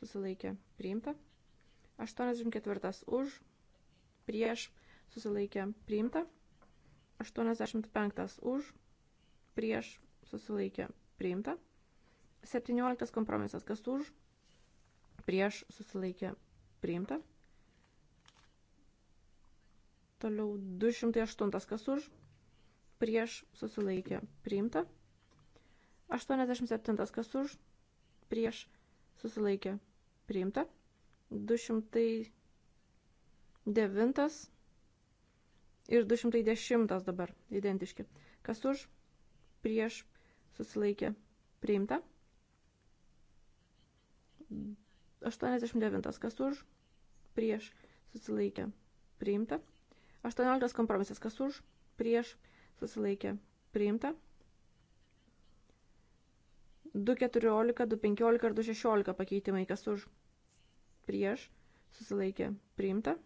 susilaikė priimta. 84 už, prieš susilaikė priimta. 85 už, prieš susilaikė priimta. 17 kompromisas kas už, prieš susilaikė priimta. Toliau 208 kas už, prieš susilaikė priimta. 87 kas už, prieš susilaikė priimta. 209 ir 210 dabar identiški. Kas už, prieš susilaikė priimta. 89 kas už, prieš susilaikė priimta. 18 kompromisas. Kas už, prieš, susilaikė, priimta. 2.14, 2.15 ir 2.16 pakeitimai. Kas už, prieš, susilaikė, priimta.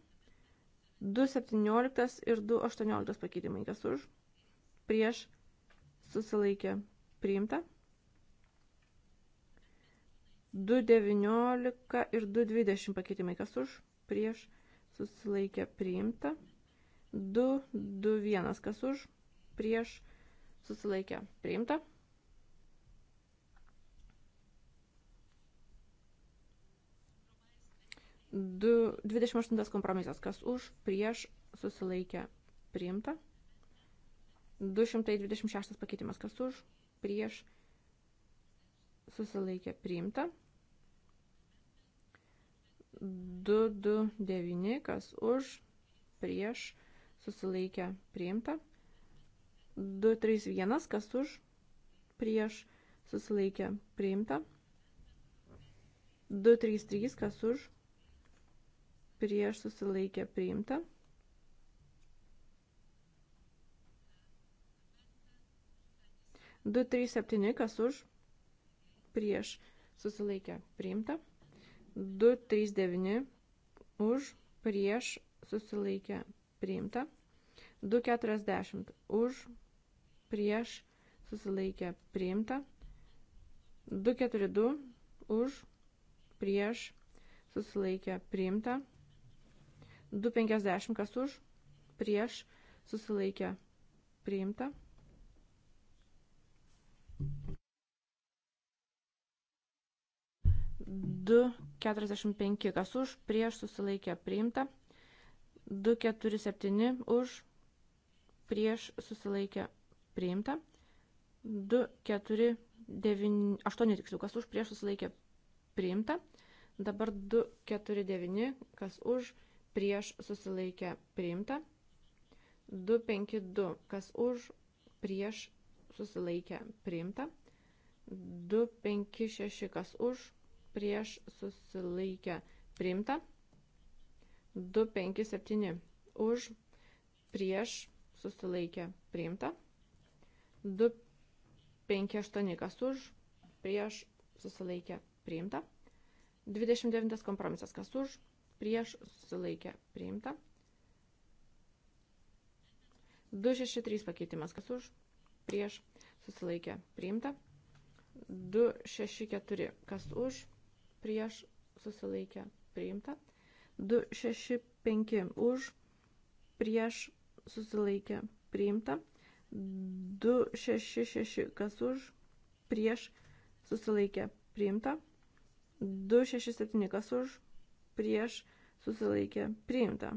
2.17 ir 2.18 pakeitimai. Kas už, prieš, susilaikė, priimta. 2.19 ir 2.20 pakeitimai. Kas už, prieš, susilaikė, priimta. 2, 2, 1, kas už, prieš, susilaikė, priimta. Du, 28 kompromisas, kas už, prieš, susilaikė, priimta. 226 pakeitimas, kas už, prieš, susilaikė, priimta. 229, kas už, prieš, susilaikė, priimta susilaikė priimta. 231 kas už prieš susilaikė priimta. 233 kas už prieš susilaikė priimta. Du, trys, septyni, kas už, prieš, susilaikė, priimta. Du, trys, devini, už, prieš, susilaikė, priimta. 240 už, prieš, susilaikė, priimta. 242 už, prieš, susilaikė, priimta. 250 kas už, prieš, susilaikė, priimta. Du keturiasdešimt penki kas už, prieš susilaikė priimta. 247 už, prieš susilaikę priimta. 2, 4, 9, 8 tiksliau, kas už prieš susilaikė priimta. Dabar 2, 4, 9, kas už prieš susilaikė priimta. 2, 5, 2, kas už prieš susilaikė priimta. 2, 5, 6, kas už prieš susilaikė priimta. 2, 5, 7, už prieš susilaikė priimta. 2, 5, 8 kas už, prieš susilaikė priimta. 29 kompromisas kas už, prieš susilaikė priimta. 263 pakeitimas kas už, prieš susilaikė priimta. 264 kas už, prieš susilaikė priimta. 265 už, prieš susilaikė priimta. 266 kas už, prieš susilaikė priimta. 267 kas už, prieš susilaikė priimta.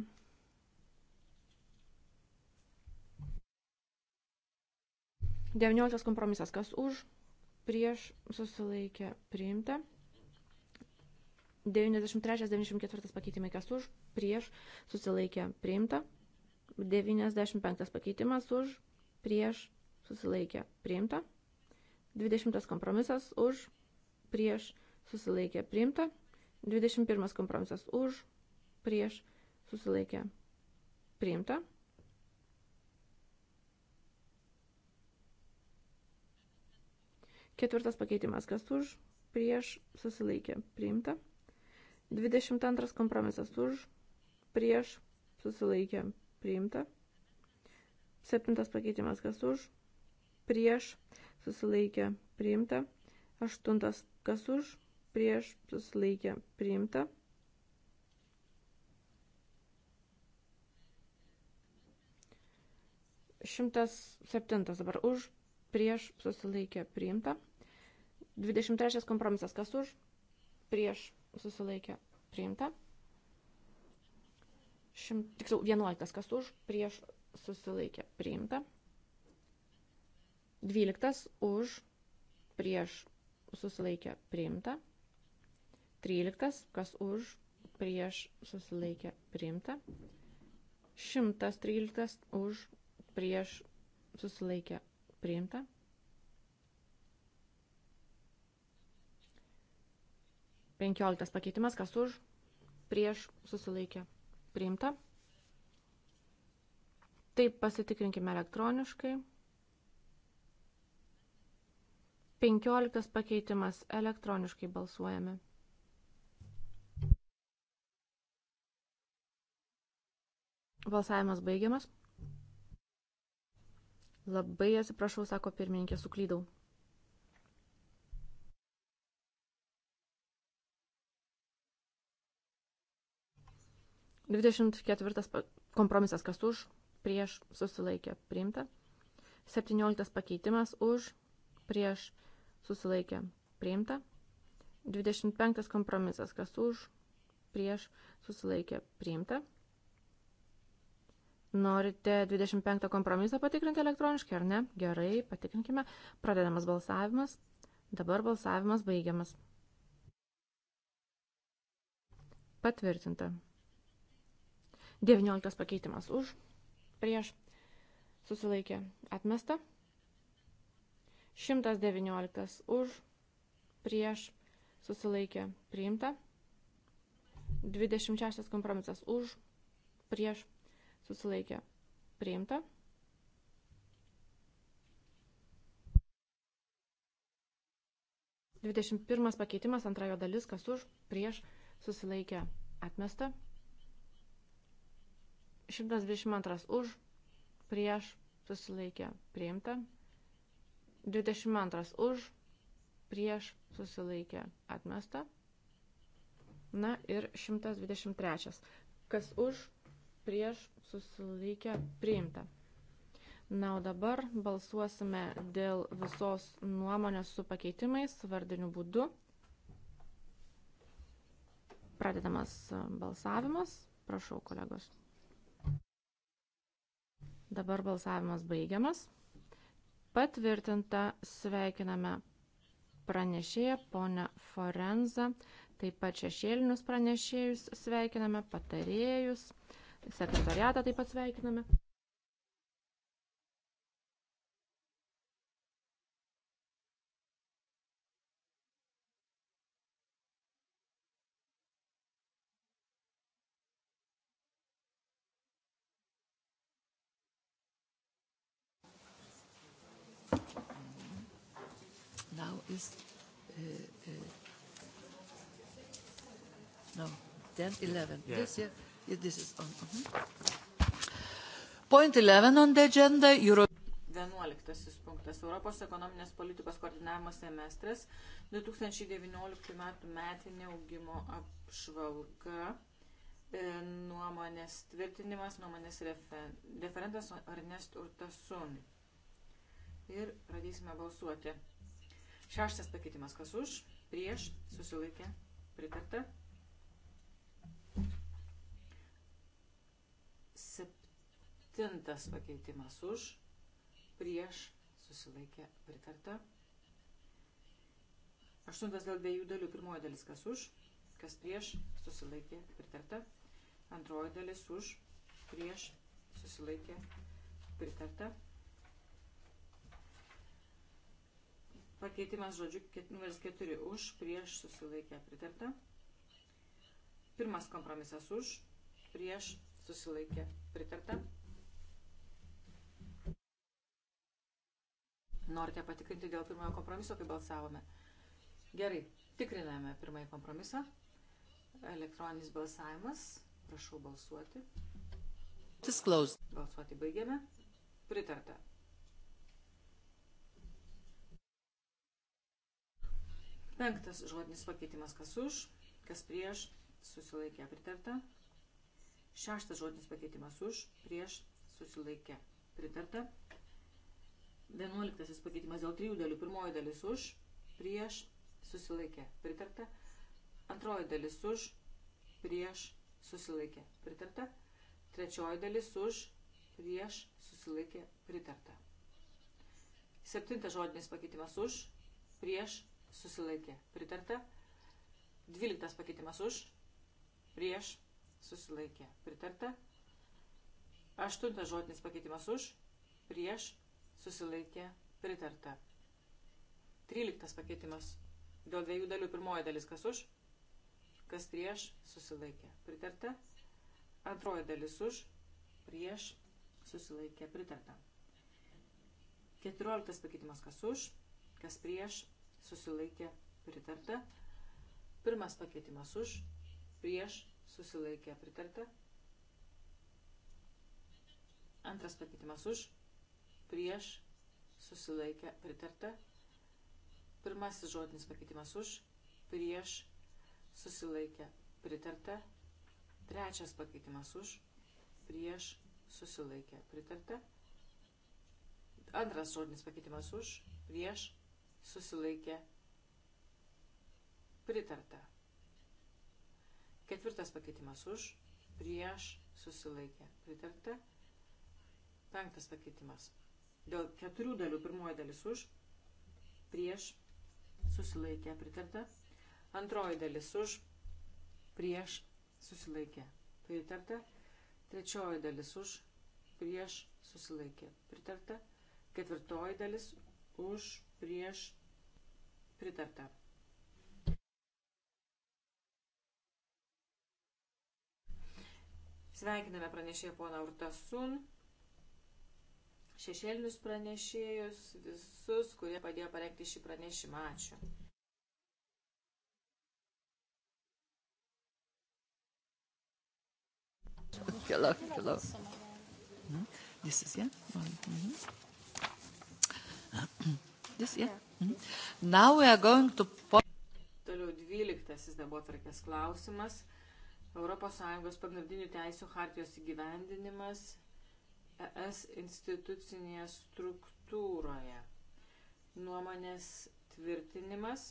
Devynioliktas kompromisas kas už, prieš susilaikė priimta. 93-94 pakeitimai kas už, prieš susilaikė priimta. 95 pakeitimas už, prieš, susilaikė, priimta. 20 kompromisas už, prieš, susilaikė, priimta. 21 kompromisas už, prieš, susilaikė, priimta. Ketvirtas pakeitimas, kas už, prieš, susilaikė, priimta. 22 kompromisas už, prieš, susilaikė, priimta. Septintas pakeitimas kas už, prieš, susilaikė, priimta. Aštuntas kas už, prieš, susilaikė, priimta. Šimtas septintas dabar už, prieš, susilaikė, priimta. Dvidešimt trečias kompromisas kas už, prieš, susilaikė, priimta. Šimt, tiksliau, 11 kas už, prieš susilaikė priimta. 12 už, prieš susilaikė priimta. 13 kas už, prieš susilaikė priimta. 113 už, prieš susilaikė priimta. Penkioliktas pakeitimas, kas už, prieš susilaikė priimta. Priimta. Taip pasitikrinkime elektroniškai. 15 pakeitimas elektroniškai balsuojame. Balsavimas baigiamas. Labai atsiprašau, sako pirmininkė, suklydau. 24 kompromisas kas už, prieš susilaikė priimta. 17 pakeitimas už, prieš susilaikė priimta. 25 kompromisas kas už, prieš susilaikė priimta. Norite 25 kompromisą patikrinti elektroniškai ar ne? Gerai, patikrinkime. Pradedamas balsavimas. Dabar balsavimas baigiamas. Patvirtinta. 19 pakeitimas už, prieš, susilaikė, atmesta. 119 už, prieš, susilaikė, priimta. 26 kompromisas už, prieš, susilaikė, priimta. Dvidešimt pirmas pakeitimas, antrajo dalis, kas už, prieš, susilaikė, atmesta. 122 už, prieš, susilaikė, priimta. 22 už, prieš, susilaikė, atmesta. Na ir 123. Kas už, prieš, susilaikė, priimta. Na, o dabar balsuosime dėl visos nuomonės su pakeitimais vardiniu būdu. Pradedamas balsavimas. Prašau, kolegos. Dabar balsavimas baigiamas. Patvirtinta sveikiname pranešėją ponę Forenzą, taip pat šešėlinius pranešėjus sveikiname, patarėjus, sekretariatą taip pat sveikiname. 10, 11. Yeah. This, year, this is on. Uh mhm. -huh. Point 11 on the agenda. Euro 11 punktas Europos ekonominės politikos koordinavimo semestras 2019 metų metinė augimo apžvalga e, nuomonės tvirtinimas, nuomonės refer, referentas Ernest Urtasun. Ir pradėsime balsuoti. Šeštas pakeitimas. Kas už? Prieš? Susilaikė? Pritarta? Septintas pakeitimas už, prieš, susilaikė, pritarta. Aštuntas dėl dviejų dalių. Pirmoji dalis kas už, kas prieš, susilaikė, pritarta. Antroji dalis už, prieš, susilaikė, pritarta. Pakeitimas žodžiu numeris 4 už, prieš, susilaikė, pritarta. Pirmas kompromisas už, prieš, susilaikė, pritarta. Norite patikrinti dėl pirmojo kompromiso, kai balsavome? Gerai, tikriname pirmąjį kompromisą. Elektroninis balsavimas. Prašau balsuoti. Disclosed. Balsuoti baigiame. Pritarta. Penktas žodinis pakeitimas kas už, kas prieš, susilaikė pritarta. Šeštas žodinis pakeitimas už, prieš, susilaikė pritarta. Vienuoliktasis pakeitimas dėl trijų dalių. Pirmoji dalis už, prieš, susilaikė, pritarta. Antroji dalis už, prieš, susilaikė, pritarta. Trečioji dalis už, prieš, susilaikė, pritarta. Septintas žodinis pakeitimas už, prieš, susilaikė, pritarta. Dvyliktas pakeitimas už, prieš, susilaikė, pritarta. Aštuntas žodinis pakeitimas už, prieš, susilaikė, pritarta. 13 pakeitimas. Dėl dviejų dalių pirmoji dalis kas už, kas prieš, susilaikė, pritarta. Antroji dalis už, prieš, susilaikė, pritarta. 14 pakeitimas kas už, kas prieš, susilaikė, pritarta. Pirmas pakeitimas už, prieš, susilaikė, pritarta. Antras pakeitimas už, prieš, susilaikę, pritarta. Pirmasis žodinis pakeitimas už, prieš, susilaikę, pritarta. Trečias pakeitimas už, prieš, susilaikę, pritarta. Antras žodinis pakeitimas už, prieš, susilaikę, pritarta. Ketvirtas pakeitimas už, prieš, susilaikę, pritarta. Penktas pakeitimas Dėl keturių dalių. Pirmoji dalis už, prieš, susilaikė, pritarta. Antroji dalis už, prieš, susilaikė, pritarta. Trečioji dalis už, prieš, susilaikė, pritarta. Ketvirtoji dalis už, prieš, pritarta. Sveikiname pranešėją poną Urtasun šešėlinius pranešėjus, visus, kurie padėjo parengti šį pranešimą. Ačiū. Hello, hello. Mm -hmm. This is yeah. Mm -hmm. This yeah. Mm -hmm. Now we are going to. Toliau dvyliktasis darbotvarkės klausimas. ES pagrindinių teisų hartijos įgyvendinimas ES institucinėje struktūroje. Nuomonės tvirtinimas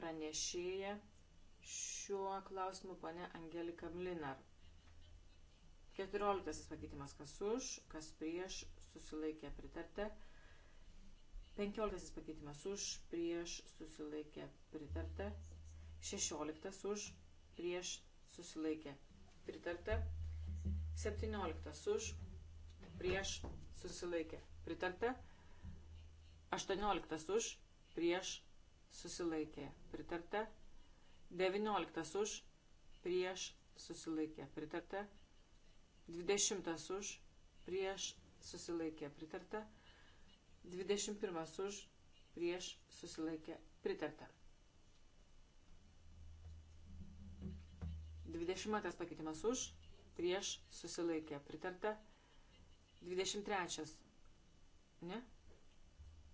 pranešėja šiuo klausimu pane Angelika Mlinar. 14 pakeitimas kas už, kas prieš, susilaikė pritartę. 15 pakeitimas už, prieš, susilaikė pritartę. 16 už, prieš, susilaikė pritartę. 17 už, prieš, susilaikė, pritarta. 18 už, prieš, susilaikė, pritarta. 19 už, prieš, susilaikė, pritarta. 20 už, prieš, susilaikė, pritarta. 21 už, prieš, susilaikė, pritarta. 20 pakeitimas už, prieš susilaikė. Pritarta 23. Ne?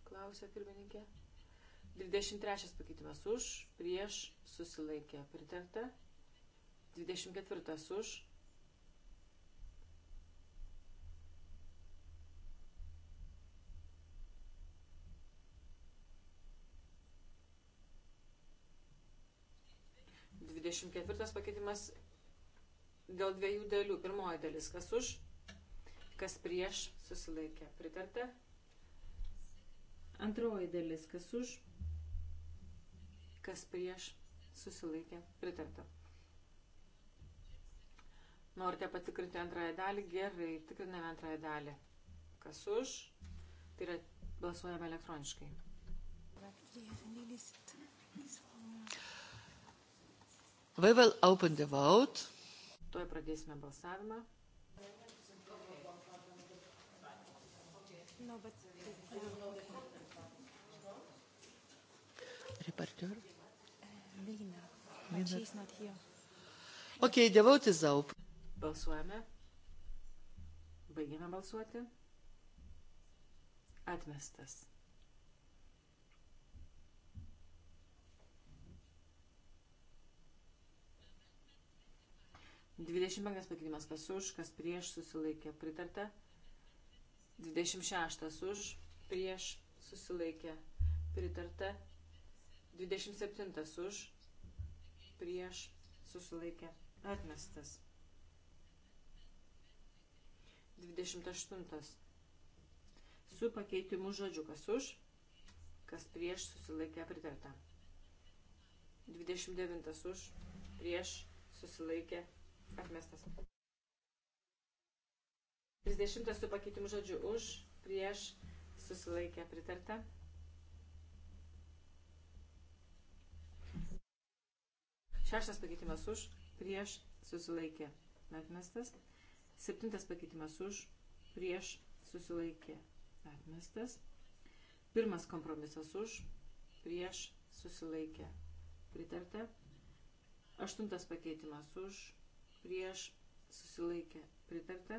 Klausė pirmininkė. 23 pakeitimas už, prieš susilaikė. Pritarta 24 už. Dvidešimt ketvirtas pakeitimas dėl dviejų dalių. Pirmoji dalis, kas už, kas prieš, susilaikė. Pritarta. Antroji dalis, kas už, kas prieš, susilaikė. Pritarta. Norite patikrinti antrąją dalį? Gerai, tikriname antrąją dalį. Kas už? Tai yra balsuojame elektroniškai. We will open the vote. Tuoj pradėsime balsavimą. No, but Reporter? Eh, Lina. Lina. She's not here. Okay, the vote is open. Balsuojame. Baigiame balsuoti. Atmestas. 25 pakeitimas kas už, kas prieš susilaikė pritarta. 26 už, prieš susilaikė pritarta. 27 už, prieš susilaikė atmestas. 28 su pakeitimu žodžiu kas už, kas prieš susilaikė pritarta. 29 už, prieš susilaikė pritarta. Atmestas. 30 su pakeitimu žodžiu už, prieš, susilaikę pritarta. Šeštas pakeitimas už, prieš, susilaikė. Atmestas. Septintas pakeitimas už, prieš, susilaikė. Atmestas. Pirmas kompromisas už, prieš, susilaikė. Pritarta. Aštuntas pakeitimas už, prieš susilaikė pritarta.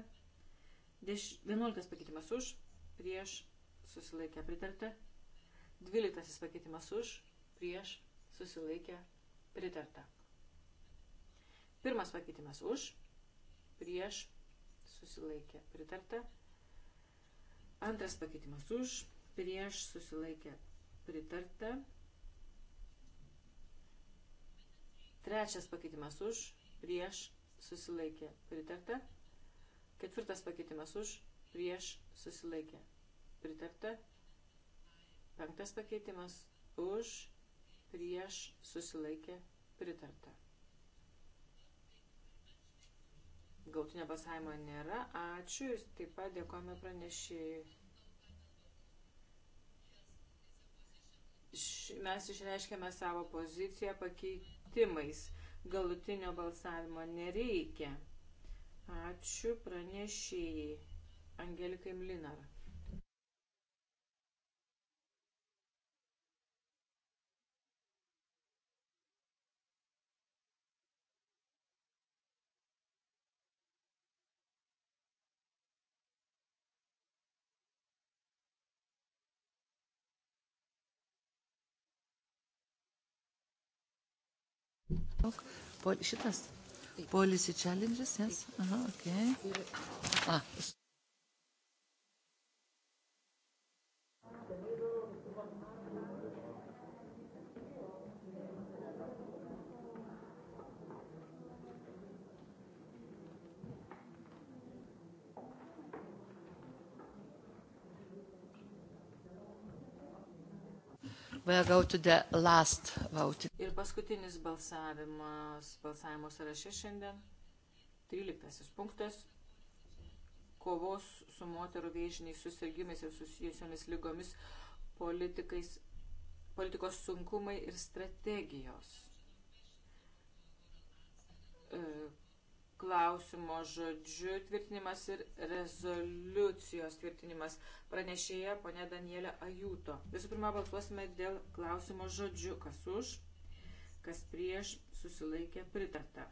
11 pakeitimas už, prieš susilaikė pritarta. 12 pakeitimas už, prieš susilaikė pritarta. Pirmas pakeitimas už, prieš susilaikė pritarta. Antras pakeitimas už, prieš susilaikė pritarta. Trečias pakeitimas už, prieš susilaikė pritarta. Ketvirtas pakeitimas už, prieš susilaikė pritarta. Penktas pakeitimas už, prieš susilaikė pritarta. Gautinio balsavimo nėra. Ačiū ir taip pat dėkojame pranešėjai. Mes išreiškėme savo poziciją pakeitimais galutinio balsavimo nereikia. Ačiū pranešėjai Angelikai Mlinar. Po, šitas? Policy challenges, yes? Aha, okay. Ah. We'll go to the last vote. Ir paskutinis balsavimas, balsavimo sąraše šiandien, 13 punktas, kovos su moterų vėžiniais susirgymais ir susijusiamis lygomis politikais, politikos sunkumai ir strategijos. E, klausimo žodžiu tvirtinimas ir rezoliucijos tvirtinimas. Pranešėja ponė Danielė Ajuto. Visų pirma, balsuosime dėl klausimo žodžiu, kas už, kas prieš susilaikė pritarta.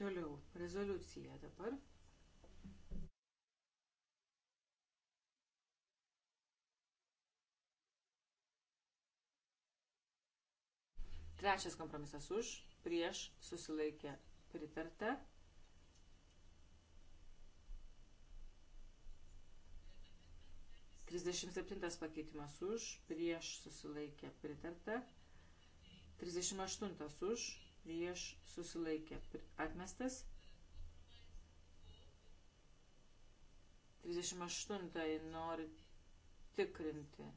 Toliau, rezoliucija dabar. Trečias kompromisas už, prieš, susilaikė, pritarta. Trisdešimt septintas pakeitimas už, prieš, susilaikė, pritarta. Trisdešimt aštuntas už, prieš, susilaikė, atmestas. 38 nori tikrinti,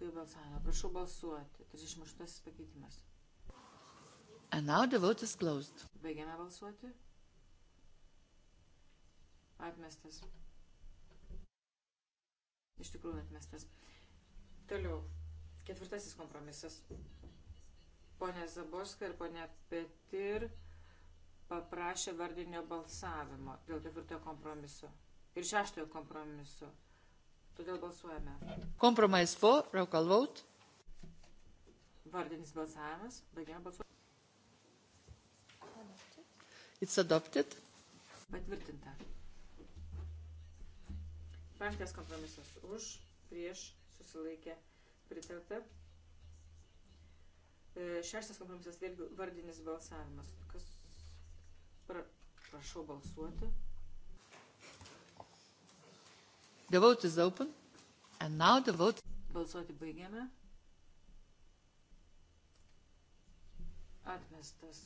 kaip balsavimą. Prašau balsuoti. 38 pakeitimas. And now the vote is closed. Baigiame balsuoti. Atmestas. Iš tikrųjų atmestas. Toliau. Ketvirtasis kompromisas. Pone Zaborska ir pone Petir paprašė vardinio balsavimo dėl ketvirtojo kompromiso ir šeštojo kompromiso. Todėl balsuojame. Kompromise for, roll call vote. Vardinis balsavimas. Baigiame balsuoti. It's adopted. Patvirtinta. Penktas kompromisas už, prieš, susilaikė, pritarta. E, šeštas kompromisas vėlgi vardinis balsavimas. Kas pra, prašau balsuoti. The vote is open. And now the vote. Balsuoti baigiame. Atmestas.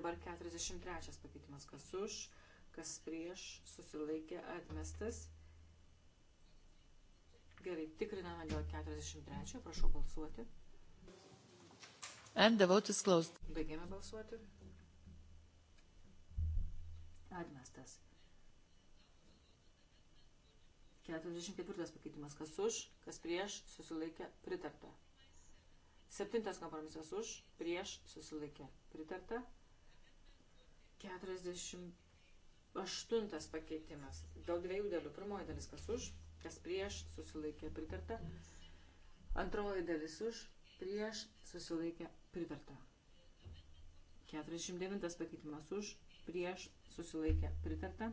Dabar 43 pakeitimas. Kas už, kas prieš, susilaikė atmestas. Gerai, tikriname dėl 43. Prašau balsuoti. And the vote is closed. Baigėme balsuoti. Atmestas. 44 pakeitimas. Kas už, kas prieš, susilaikė, pritarta. Septintas kompromisas už, prieš, susilaikė, pritarta. 48 pakeitimas. Dėl dviejų dalių. Pirmoji dalis kas už, kas prieš, susilaikė pritarta. Antroji dalis už, prieš, susilaikė pritarta. 49 pakeitimas už, prieš, susilaikė pritarta.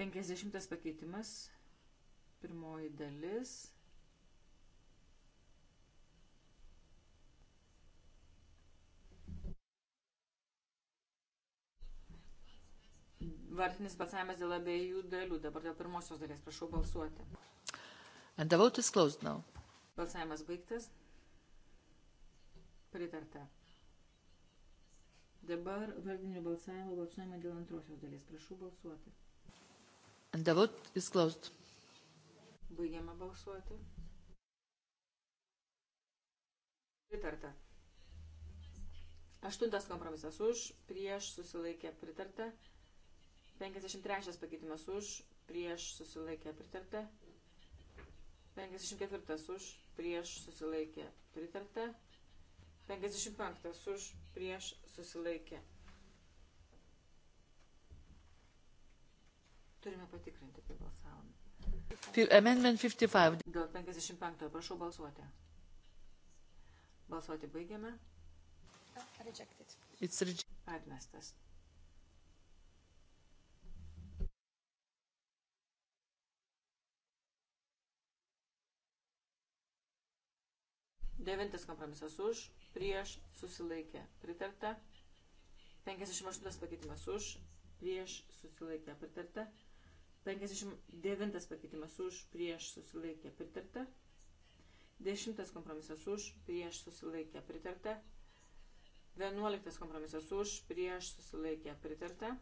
50 pakeitimas. Pirmoji dalis Vartinis balsavimas dėl abiejų dalių. Dabar dėl pirmosios dalies prašau balsuoti. And the vote is closed now. Balsavimas baigtas. Pritarta. Dabar vardinių balsavimų balsuojame dėl antrosios dalies. Prašau balsuoti. And the vote is closed. Baigiame balsuoti. Pritarta. Aštuntas kompromisas už, prieš susilaikė pritarta. 53 pakeitimas už, prieš susilaikė pritarta. 54 už, prieš susilaikė pritarta. 55 už, prieš susilaikė. Turime patikrinti, kaip balsavome. Amendment 55. Dėl 55. Prašau balsuoti. Balsuoti baigiame. Ah, Atmestas. Devintas kompromisas už, prieš, susilaikė, pritarta. 58 pakeitimas už, prieš, susilaikė, pritarta. 59 pakeitimas už, prieš, susilaikė, pritarta. 10 kompromisas už, prieš, susilaikė, pritarta. 11 kompromisas už, prieš, susilaikė, pritarta.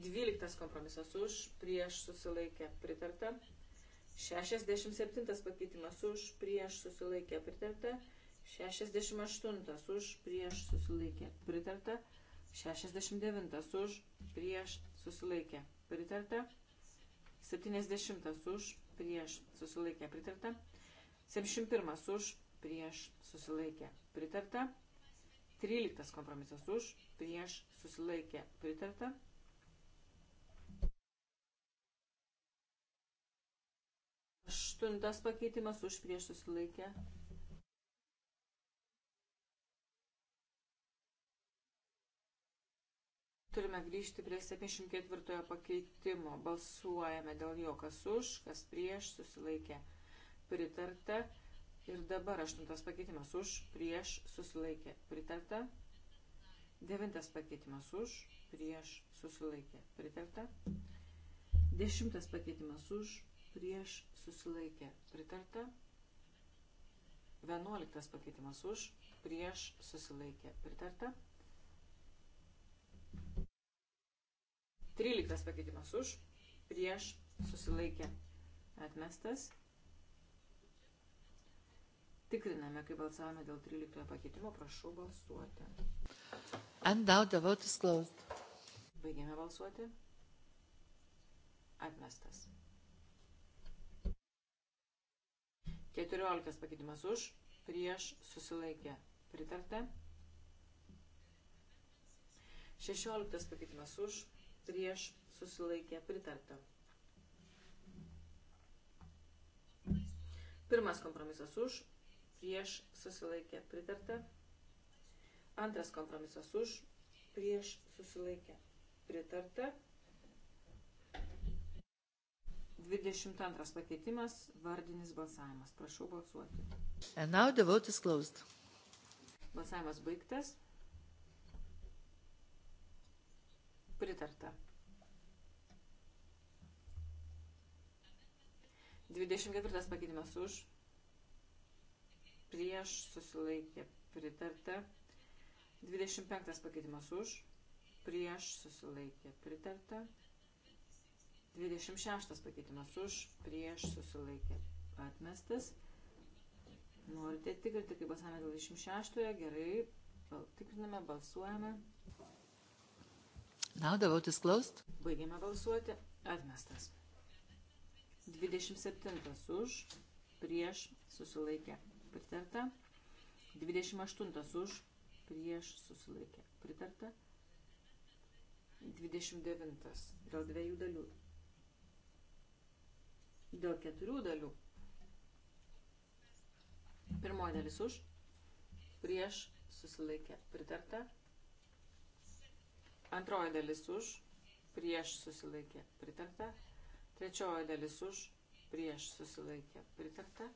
12 kompromisas už, prieš, susilaikė, pritarta. 67 pakeitimas už prieš susilaikę pritarta. 68 už prieš susilaikę pritarta. 69 už prieš susilaikę pritarta. 70 už prieš susilaikę pritarta. 71 už prieš susilaikę pritarta. 13 kompromisas už prieš susilaikę pritarta. Aštuntas pakeitimas už prieš susilaikę. Turime grįžti prie 74 pakeitimo. Balsuojame dėl jo, kas už, kas prieš susilaikė. Pritarta. Ir dabar aštuntas pakeitimas už, prieš susilaikė. Pritarta. Devintas pakeitimas už, prieš susilaikė. Pritarta. Dešimtas pakeitimas už, prieš susilaikė pritarta. 11 pakeitimas už, prieš susilaikė pritarta. 13 pakeitimas už, prieš susilaikė atmestas. Tikriname, kaip balsavome dėl 13 pakeitimo, prašau balsuoti. And now the vote is closed. Baigėme balsuoti. Atmestas. 14 pakeitimas už, prieš susilaikė pritarta. 16 pakeitimas už, prieš susilaikė pritarta. Pirmas kompromisas už, prieš susilaikė pritarta. Antras kompromisas už, prieš susilaikė pritarta. 22 pakeitimas, vardinis balsavimas. Prašau balsuoti. And now the vote is closed. Balsavimas baigtas. Pritarta. 24 pakeitimas už. Prieš susilaikė pritarta. 25 pakeitimas už. Prieš susilaikė pritarta. 26 pakeitimas už, prieš susilaikė atmestas. Norite tikrinti, kaip balsavome dėl 26, gerai, bal, tikriname, balsuojame. Now the vote is closed. Baigėme balsuoti, atmestas. 27 už, prieš susilaikė pritarta. 28 už, prieš susilaikė pritarta. 29 dėl dviejų dalių dėl keturių dalių. Pirmoji dalis už, prieš susilaikė pritarta. Antroji dalis už, prieš susilaikė pritarta. Trečioji dalis už, prieš susilaikė pritarta.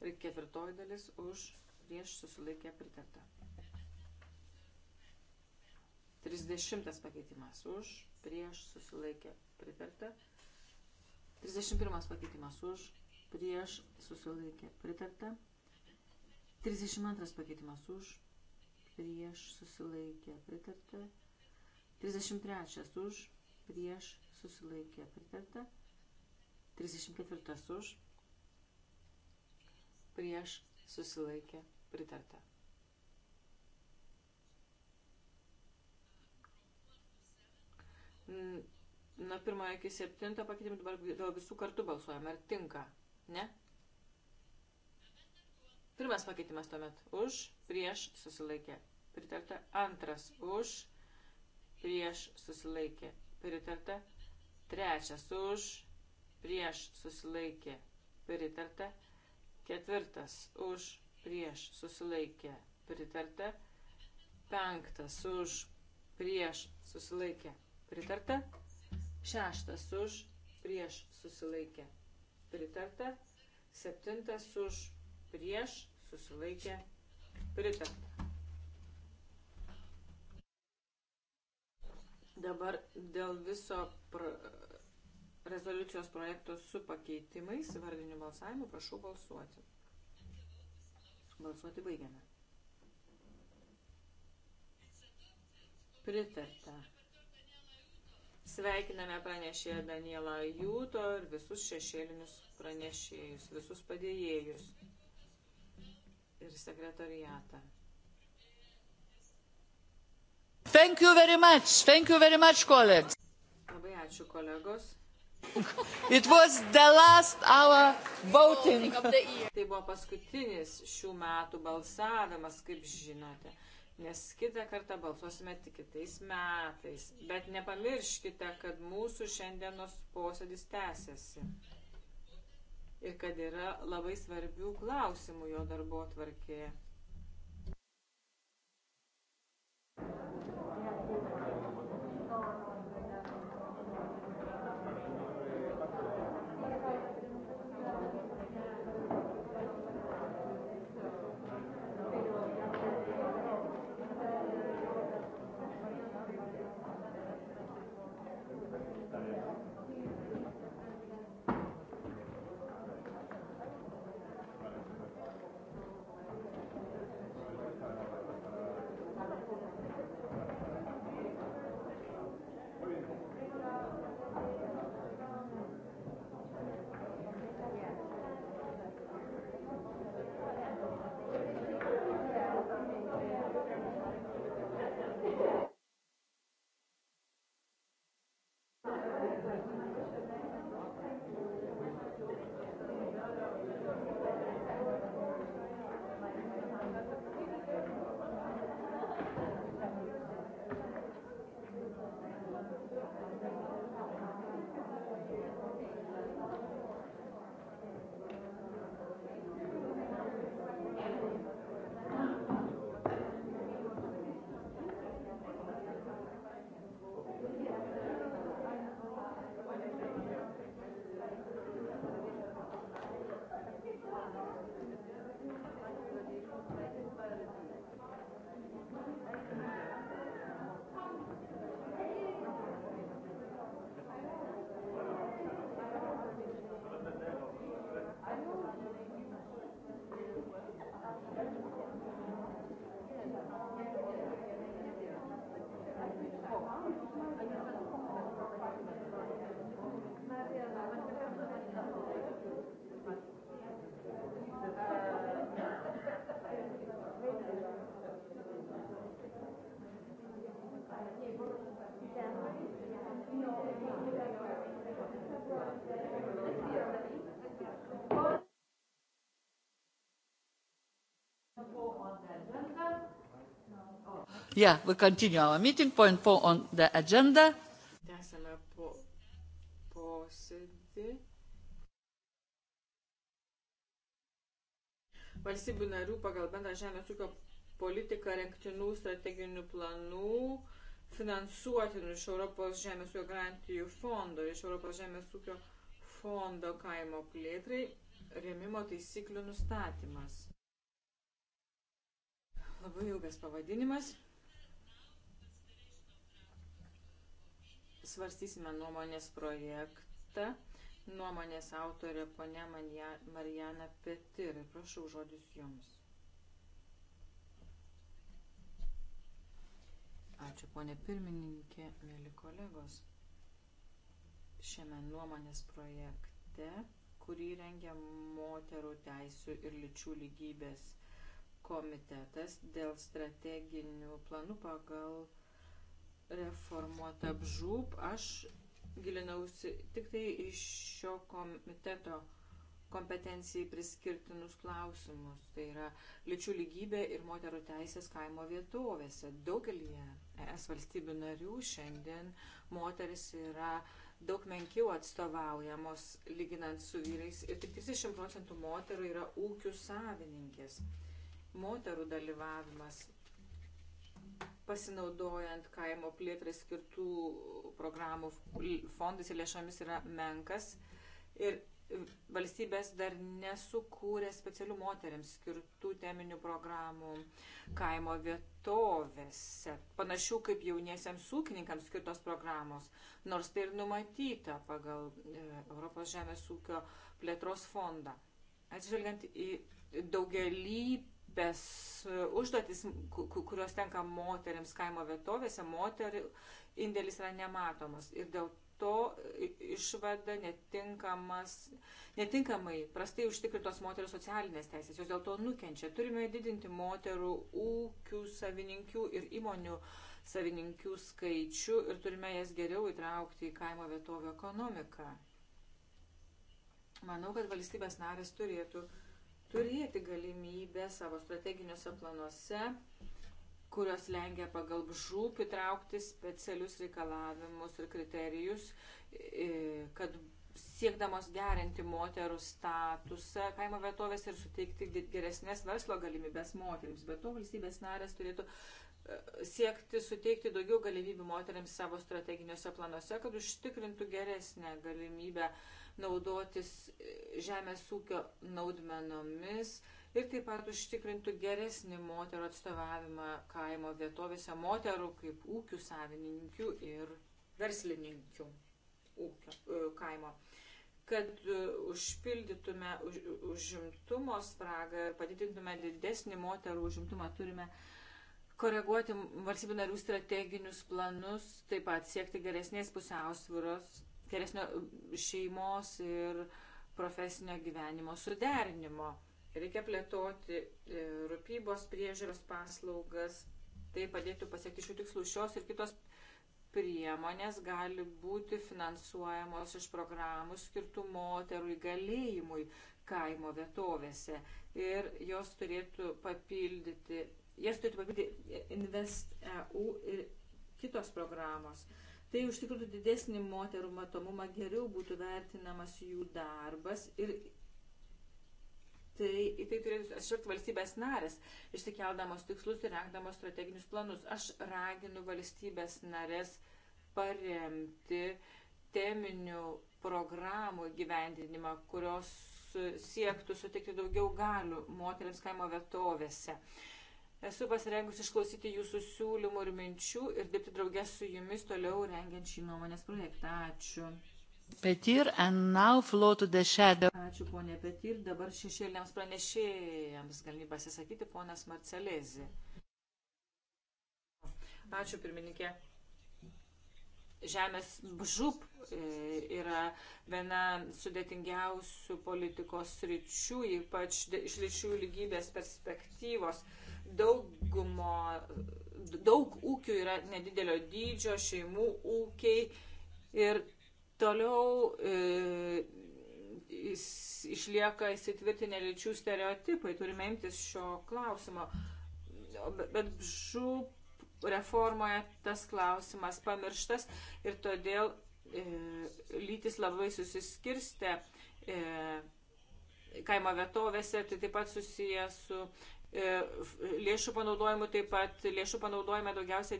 Ir ketvirtoji dalis už, prieš susilaikė pritarta. 30 pakeitimas už, prieš susilaikė pritarta. 31 pakeitimas už, prieš, susilaikė, pritarta. 32 pakeitimas už, prieš, susilaikė, pritarta. 33 už, prieš, susilaikė, pritarta. 34 už, prieš, susilaikė, pritarta. Mm Nuo pirmojo iki septinto pakeitimų dabar dėl visų kartų balsuojame. Ar tinka? Ne? Pirmas pakeitimas tuomet už, prieš susilaikė. Pritarta. Antras už, prieš susilaikė. Pritarta. Trečias už, prieš susilaikė. Pritarta. Ketvirtas už, prieš susilaikė. Pritarta. Penktas už, prieš susilaikė. Pritarta. Šeštas už, prieš susilaikė pritarta. Septintas už, prieš susilaikė pritarta. Dabar dėl viso pro, rezoliucijos projekto su pakeitimais, vardiniu balsavimu, prašau balsuoti. Balsuoti baigiame. Pritarta. Sveikiname pranešėją Danielą Jūto ir visus šešėlinius pranešėjus, visus padėjėjus ir sekretariatą. Thank you very much. Thank you very much, colleagues. Labai ačiū, kolegos. It was the last hour voting. Tai buvo paskutinis šių metų balsavimas, kaip žinote nes kitą kartą balsuosime tik kitais metais. Bet nepamirškite, kad mūsų šiandienos posėdis tęsiasi ir kad yra labai svarbių klausimų jo darbo atvarkėje. Yeah, we continue our meeting. Point four on the agenda. Tęsame po, posėdį. Valstybių narių pagal bendrą žemės ūkio politiką rektinų strateginių planų finansuotinų iš Europos žemės ūkio garantijų fondo, iš Europos žemės ūkio fondo kaimo plėtrai rėmimo taisyklių nustatymas. Labai ilgas pavadinimas. svarstysime nuomonės projektą. Nuomonės autorė ponė Marijana Petir. Prašau žodis jums. Ačiū ponė pirmininkė, mėly kolegos. Šiame nuomonės projekte, kurį rengia moterų teisų ir lyčių lygybės komitetas dėl strateginių planų pagal reformuota apžūp. Aš gilinausi tik tai iš šio komiteto kompetencijai priskirtinus klausimus. Tai yra lyčių lygybė ir moterų teisės kaimo vietovėse. Daugelį ES valstybių narių šiandien moteris yra daug menkiau atstovaujamos lyginant su vyrais ir tik 30 procentų moterų yra ūkių savininkės. Moterų dalyvavimas pasinaudojant kaimo plėtrai skirtų programų fondais ir lėšomis yra menkas. Ir valstybės dar nesukūrė specialių moteriams skirtų teminių programų kaimo vietovėse, panašių kaip jauniesiams ūkininkams skirtos programos, nors tai ir numatyta pagal e, Europos žemės ūkio plėtros fondą. Atsižvelgiant į daugelį bes e, užduotis, kurios tenka moteriams kaimo vietovėse, moterių indėlis yra nematomas. Ir dėl to e, išvada netinkamas, netinkamai prastai užtikrintos moterų socialinės teisės. Jos dėl to nukenčia. Turime didinti moterų ūkių savininkių ir įmonių savininkių skaičių ir turime jas geriau įtraukti į kaimo vietovių ekonomiką. Manau, kad valstybės narės turėtų uh, turėti galimybę savo strateginiuose planuose, kurios lengia pagal žūp įtraukti specialius reikalavimus ir kriterijus, kad siekdamos gerinti moterų statusą kaimo vietovės ir suteikti geresnės verslo galimybės moteriams. Bet to valstybės narės turėtų e, siekti suteikti daugiau galimybių moteriams savo strateginiuose planuose, kad užtikrintų geresnę galimybę uh, naudotis e, žemės ūkio naudmenomis ir taip pat užtikrintų geresnį moterų atstovavimą kaimo vietovėse moterų kaip ūkių savininkių ir verslininkių ūkio e, kaimo kad e, užpildytume už, užimtumo spragą ir padidintume didesnį moterų užimtumą, turime koreguoti valstybių narių strateginius planus, taip pat siekti geresnės pusiausvyros geresnio šeimos ir profesinio gyvenimo suderinimo. Reikia plėtoti e, rūpybos priežiūros paslaugas, tai padėtų pasiekti šių tikslų. Šios ir kitos priemonės gali būti finansuojamos iš programų skirtų moterų įgalėjimui kaimo vietovėse. Ir jos turėtų papildyti, jas turėtų papildyti InvestEU ir kitos programos. Uh, Tai užtikrintų didesnį moterų matomumą, geriau būtų vertinamas jų darbas ir tai, tai turėtų atšvelgti valstybės narės, išsikeldamos tikslus ir rengdamos strateginius planus. Aš raginu valstybės narės paremti teminių programų gyvendinimą, kurios siektų sutikti daugiau galių moteriams kaimo vietovėse. Uh, Esu pasirengusi išklausyti jūsų siūlymų ir minčių ir dirbti draugės su jumis toliau rengiant šį nuomonės projektą. Ačiū. Petir, and now flow to the shadow. Ačiū, ponė Petir. Dabar šešėliams pranešėjams galimybę pasisakyti ponas Marcelėzi. Ačiū, pirmininkė. Žemės žūp e, yra viena sudėtingiausių politikos ryčių, ypač iš ryčių lygybės perspektyvos daugumo, daug ūkių yra nedidelio dydžio, šeimų ūkiai ir toliau e, išlieka įsitvirtinę lyčių stereotipai, turime imtis šio klausimo. Bet žūp reformoje tas klausimas pamirštas ir todėl e, lytis labai susiskirstė. E, kaimo vietovėse, tai taip pat susiję su E, lėšų panaudojimu, taip pat lėšų panaudojime daugiausia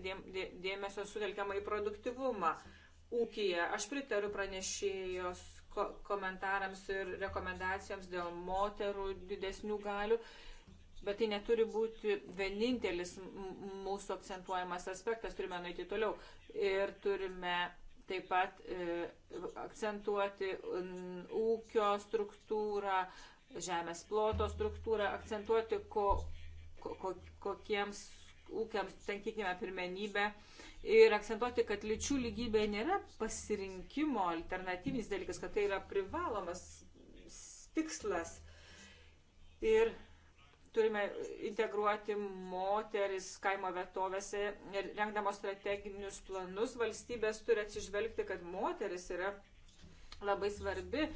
dėmesio sutelkiama į produktivumą ūkija. Aš pritariu pranešėjos komentarams ir rekomendacijoms dėl moterų didesnių galių, bet tai neturi būti vienintelis mūsų akcentuojamas aspektas, turime nueiti toliau ir turime taip pat e, akcentuoti ūkio struktūrą, žemės ploto struktūrą, akcentuoti, ko, ko, kokiems ūkiams tenkykime pirmenybę ir akcentuoti, kad lyčių lygybė nėra pasirinkimo alternatyvinis dalykas, kad tai yra privalomas tikslas. Ir turime integruoti moteris kaimo vietovėse ir rengdamos strateginius planus valstybės turi atsižvelgti, kad moteris yra labai svarbi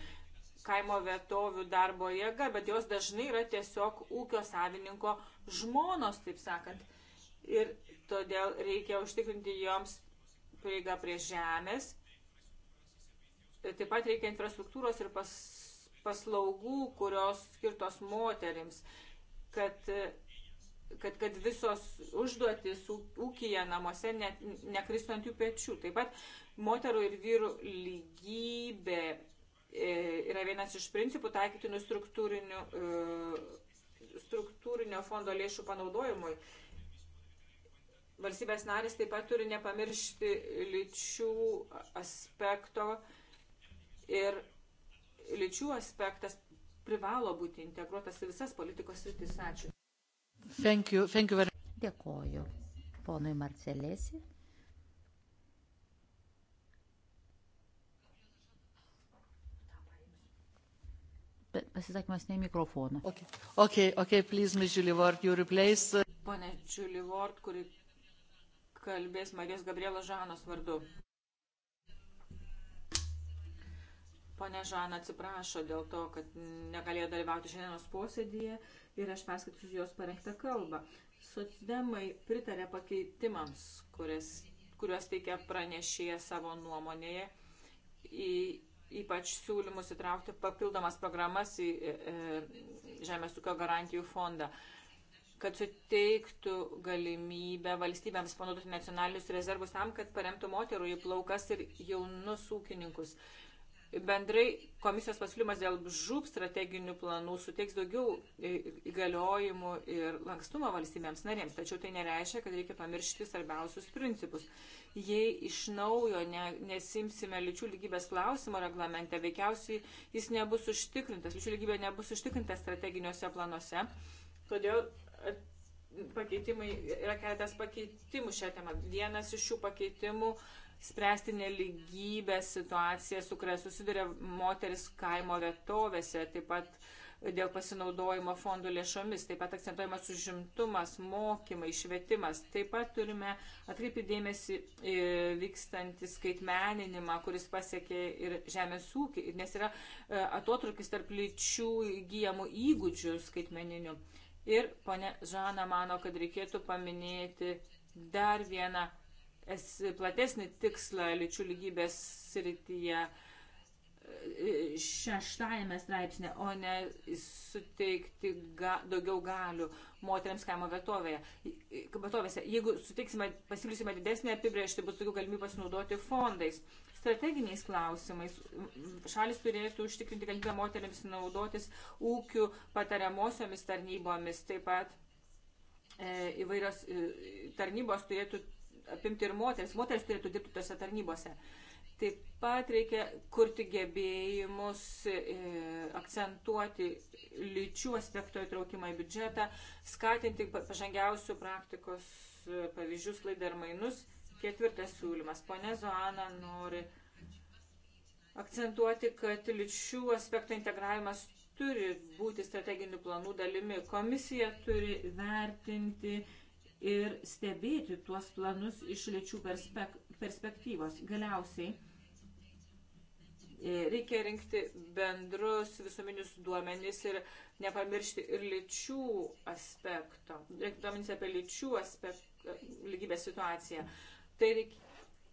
kaimo vietovių darbo jėga, bet jos dažnai yra tiesiog ūkio savininko žmonos, taip sakant. Ir todėl reikia užtikrinti joms prieigą prie žemės. Taip pat reikia infrastruktūros ir pas, paslaugų, kurios skirtos moterims, kad, kad, kad visos užduotis ūkija namuose nekristų ne ant jų pečių. Taip pat moterų ir vyrų lygybė E, yra vienas iš principų taikytinų e, struktūrinio fondo lėšų panaudojimui. Valstybės narės taip pat turi nepamiršti lyčių aspekto ir lyčių aspektas privalo būti integruotas į visas politikos rytis. Ačiū. Thank you. Thank you very... Dėkoju ponui Marcelėsi. bet pasisakymas ne mikrofoną. Okay. Okay, okay, please, Ms. Julie Ward, you replace. Uh, Pone Julie Ward, kuri kalbės Marijos Gabrielo Žanos vardu. Pone Žana atsiprašo dėl to, kad negalėjo dalyvauti šiandienos posėdėje ir aš perskaitysiu jos parengtą kalbą. Socdemai pritarė pakeitimams, kurias, kuriuos teikia pranešėja savo nuomonėje į ypač siūlymus įtraukti papildomas programas į e, e, Žemės ūkio garantijų fondą kad suteiktų galimybę valstybėms panaudoti nacionalinius rezervus tam, kad paremtų moterų įplaukas ir jaunus ūkininkus. Bendrai komisijos pasiūlymas dėl žūp strateginių planų suteiks daugiau įgaliojimų ir lankstumo valstybėms narėms, tačiau tai nereiškia, kad reikia pamiršti svarbiausius principus. Jei iš naujo ne, nesimsime lyčių lygybės klausimo reglamente, veikiausiai jis nebus užtikrintas, lyčių lygybė nebus užtikrinta strateginiuose planuose. Todėl pakeitimai, yra keletas pakeitimų šią temą. Vienas iš šių pakeitimų uh, spręsti neligybę situaciją, su kuria susiduria moteris kaimo vietovėse, taip pat dėl pasinaudojimo fondų lėšomis, taip pat akcentuojamas užimtumas, mokymai, švietimas. Taip pat turime atkreipti dėmesį e, vykstantį skaitmeninimą, kuris pasiekė ir žemės ūkį, nes yra e, atotrukis tarp lyčių įgyjamų įgūdžių skaitmeninių. Ir ponė Žana mano, kad reikėtų paminėti dar vieną platesnį tikslą lyčių lygybės srityje e, šeštajame straipsnė, o ne suteikti ga, daugiau galių moteriams kaimo vietovėje. vietovėse. Jeigu suteiksime, pasiūlysime didesnį apibrėžtį, bus daugiau galimybių pasinaudoti fondais. Strateginiais klausimais šalis turėtų užtikrinti galimybę moteriams naudotis ūkių patariamosiomis tarnybomis, taip pat e, įvairios e, tarnybos turėtų apimti ir moteris. Moteris turėtų dirbti tose tarnybose. Taip pat reikia kurti gebėjimus, e, akcentuoti lyčių aspekto įtraukimą į biudžetą, skatinti pažangiausių praktikos e, pavyzdžių sklaidą ir mainus. Ketvirtas siūlymas. Pone Zoana nori akcentuoti, kad lyčių aspekto integravimas turi būti strateginių planų dalimi. Komisija turi vertinti ir stebėti tuos planus iš lyčių perspektyvos. Galiausiai e, reikia rinkti bendrus visuomenius duomenys ir nepamiršti ir lyčių aspekto. Reikia duomenys apie lyčių aspektą, lygybės situaciją. Tai, reik,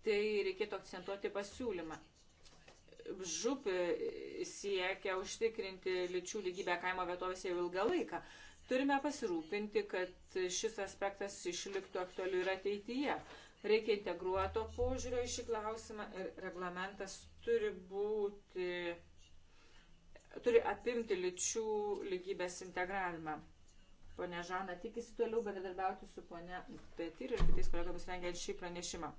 tai reikėtų akcentuoti pasiūlymą. ŽUP e, siekia užtikrinti lyčių lygybę kaimo vietovėse jau ilgą laiką. Turime pasirūpinti, kad šis aspektas išliktų aktualiu ir ateityje. Reikia integruoto požiūrio į šį klausimą ir reglamentas turi būti, turi apimti lyčių lygybės integravimą. Pone Žana tikisi toliau bendradarbiauti su pone Petir ir kitais kolegomis rengiant šį pranešimą.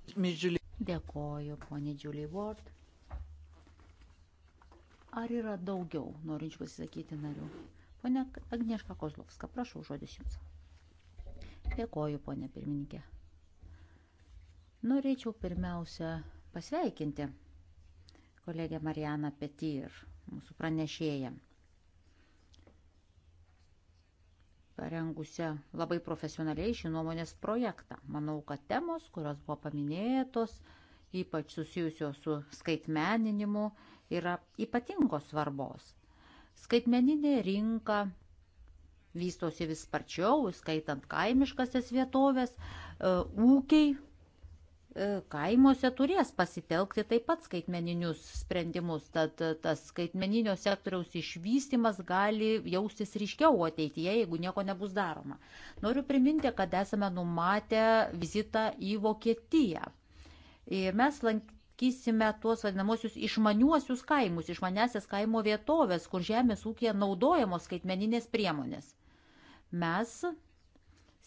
Dėkoju, ponė Julie Ward. Ar yra daugiau norinčių pasisakyti narių? Pone Agnieška Kozlovska, prašau žodis jums. Dėkoju, ponė pirmininkė. Norėčiau pirmiausia pasveikinti kolegę Marianą Petyr, mūsų pranešėją, parengusią labai profesionaliai šį nuomonės projektą. Manau, kad temos, kurios buvo paminėtos, ypač susijusios su skaitmeninimu, yra ypatingos svarbos. Skaitmeninė rinka vystosi vis sparčiau, skaitant kaimiškasias vietovės, e, ūkiai e, kaimuose turės pasitelkti taip pat skaitmeninius sprendimus, tad e, tas skaitmeninio sektoriaus išvystimas gali jaustis ryškiau ateityje, jeigu nieko nebus daroma. Noriu priminti, kad esame numatę vizitą į Vokietiją. Ir mes lank, sakysime, tuos vadinamosius išmaniuosius kaimus, išmanesias kaimo vietovės, kur žemės ūkija naudojamos skaitmeninės priemonės. Mes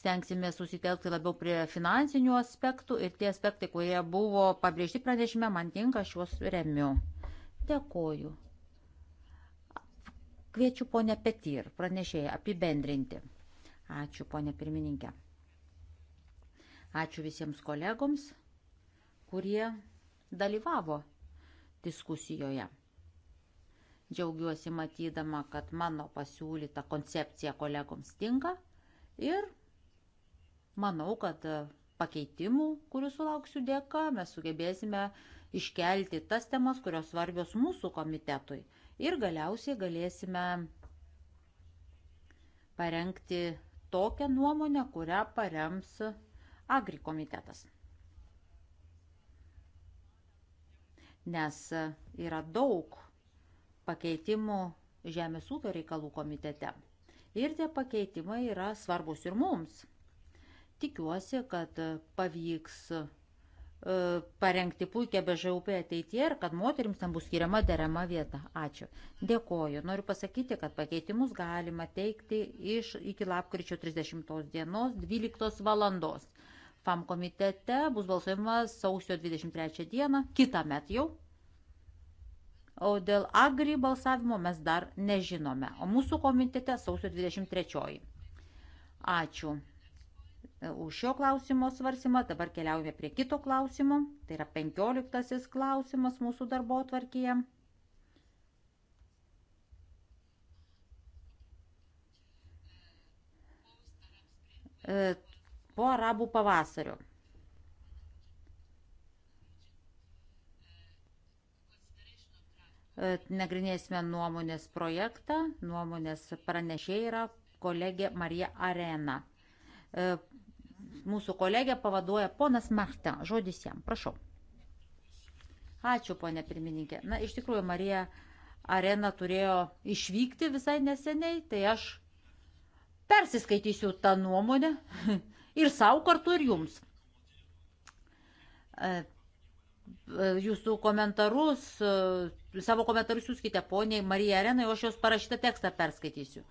stengsime susitelkti labiau prie finansinių aspektų ir tie aspektai, kurie buvo pabrėžti pranešime, man tinka, aš juos remiu. Dėkoju. Kviečiu ponę Petir, pranešėją, apibendrinti. Ačiū, ponė pirmininkė. Ačiū visiems kolegoms, kurie dalyvavo diskusijoje. Džiaugiuosi matydama, kad mano pasiūlyta koncepcija kolegoms tinka ir manau, kad pakeitimų, kurių sulauksiu dėka, mes sugebėsime iškelti tas temas, kurios svarbios mūsų komitetui ir galiausiai galėsime parengti tokią nuomonę, kurią parems agrikomitetas. nes e, yra daug pakeitimų Žemės ūkio reikalų komitete. Ir tie pakeitimai yra svarbus ir mums. Tikiuosi, kad e, pavyks e, parengti puikia BŽUP ateitie ir kad moterims tam bus skiriama derama vieta. Ačiū. Dėkoju. Noriu pasakyti, kad pakeitimus galima teikti iš iki lapkričio 30 dienos 12 valandos. FAM komitete bus balsuojama sausio 23 dieną, kitą met jau. O dėl agri balsavimo mes dar nežinome. O mūsų komitete sausio 23. Ačiū e, už šio klausimo svarsimą. Dabar keliaujame prie kito klausimo. Tai yra 15 klausimas mūsų darbo tvarkyje. E, po arabų pavasario. E, nagrinėsime nuomonės projektą, nuomonės pranešė yra kolegė Marija Arena. E, mūsų kolegė pavaduoja ponas Marta. Žodis jam, prašau. Ačiū, ponė pirmininkė. Na, iš tikrųjų, Marija Arena turėjo išvykti visai neseniai, tai aš persiskaitysiu tą nuomonę ir savo kartu, ir jums. E, e, jūsų komentarus, e, savo komentarus siūskite poniai Marija Arenai, o aš jos parašytą tekstą perskaitysiu.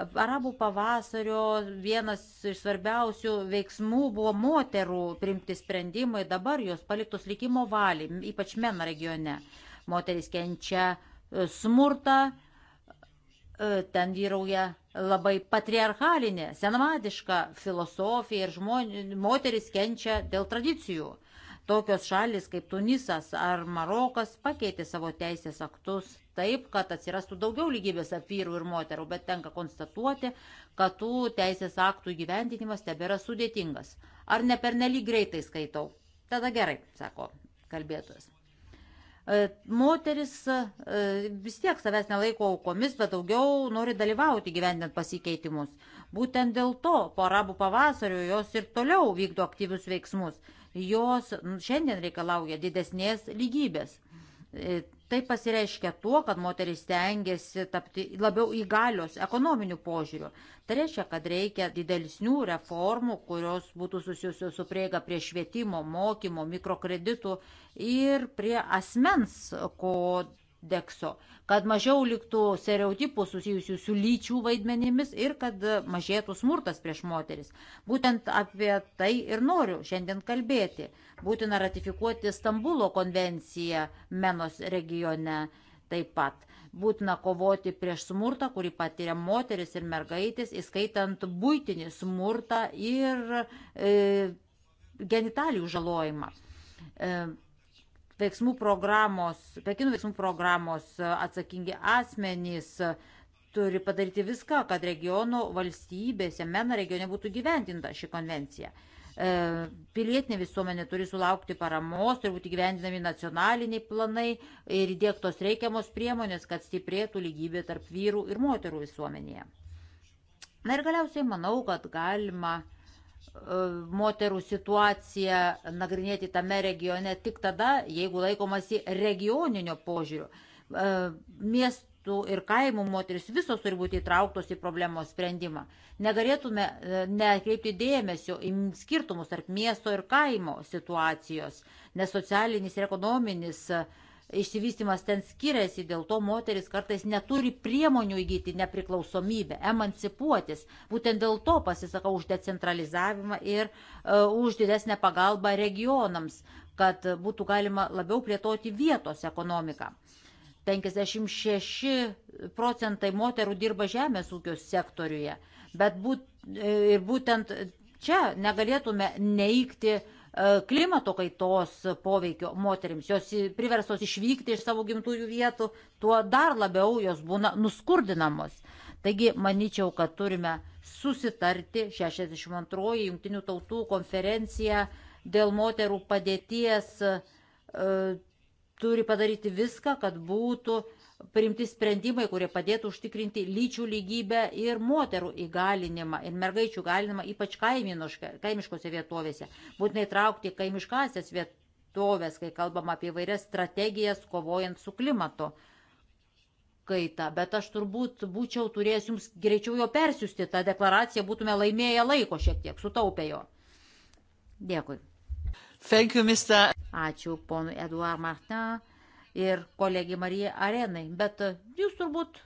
Arabų pavasario vienas iš svarbiausių veiksmų buvo moterų primti sprendimai, dabar jos paliktos likimo valiai, ypač men regione. Moteris kenčia smurtą, ten vyrauja labai patriarchalinė, senamadiška filosofija ir žmonės, moteris kenčia dėl tradicijų. Tokios šalis kaip Tunisas ar Marokas pakeitė savo teisės aktus taip, kad atsirastų daugiau lygybės tarp vyrų ir moterų, bet tenka konstatuoti, kad tų teisės aktų gyvendinimas tebėra sudėtingas. Ar ne pernelyg greitai skaitau? Tada gerai, sako kalbėtojas. E, moteris e, vis tiek savęs nelaiko aukomis, bet daugiau nori dalyvauti gyvendant pasikeitimus. Būtent dėl to po arabų pavasario jos ir toliau vykdo aktyvius veiksmus. Jos šiandien reikalauja didesnės lygybės. E, Tai pasireiškia tuo, kad moteris tengiasi tapti labiau įgalios ekonominių požiūrių. Tai reiškia, kad reikia didelsnių reformų, kurios būtų susijusios su prieiga prie švietimo, mokymo, mikrokreditų ir prie asmens kodekso, kad mažiau liktų stereotipų susijusių su lyčių vaidmenimis ir kad mažėtų smurtas prieš moteris. Būtent apie tai ir noriu šiandien kalbėti būtina ratifikuoti Stambulo konvenciją Menos regione taip pat. Būtina kovoti prieš smurtą, kurį patiria moteris ir mergaitės, įskaitant būtinį smurtą ir e, genitalijų žalojimą. E, veiksmų programos, Pekinų veiksmų programos atsakingi asmenys turi padaryti viską, kad regiono valstybėse, MENA regione būtų gyventinta ši konvencija. E, pilietinė visuomenė turi sulaukti paramos, turi būti gyvendinami nacionaliniai planai ir įdėktos reikiamos priemonės, kad stiprėtų lygybė tarp vyrų ir moterų visuomenėje. Na ir galiausiai manau, kad galima e, moterų situaciją nagrinėti tame regione tik tada, jeigu laikomasi regioninio požiūrio. E, miest, miestų ir kaimų moteris visos turi būti įtrauktos į problemos sprendimą. Negalėtume e, nekreipti dėmesio į skirtumus tarp miesto ir kaimo situacijos, nes socialinis ir ekonominis e, išsivystimas ten skiriasi, dėl to moteris kartais neturi priemonių įgyti nepriklausomybę, emancipuotis. Būtent dėl to pasisakau už decentralizavimą ir uh, už didesnę pagalbą regionams, kad būtų galima labiau plėtoti vietos ekonomiką. Uh, 56 procentai moterų dirba žemės ūkio sektoriuje. Bet būt, e, ir būtent čia negalėtume neikti e, klimato kaitos poveikio moteriams. Jos priversos išvykti iš savo gimtųjų vietų, tuo dar labiau jos būna nuskurdinamos. Taigi, manyčiau, kad turime susitarti 62-oji Junktinių tautų konferencija dėl moterų padėties e, turi padaryti viską, kad būtų priimti sprendimai, kurie padėtų užtikrinti lyčių lygybę ir moterų įgalinimą, ir mergaičių įgalinimą, ypač kaimiškose vietovėse. Būtinai traukti kaimiškasias vietovės, kai kalbam apie vairias strategijas kovojant su klimato kaita. Bet aš turbūt būčiau turėjęs jums greičiau jo persiųsti, tą deklaraciją būtume laimėję laiko šiek tiek, sutaupėjo. Dėkui. Thank you, Mr. Ačiū ponui Eduard Martin ir kolegė Marija Arenai. Bet jūs turbūt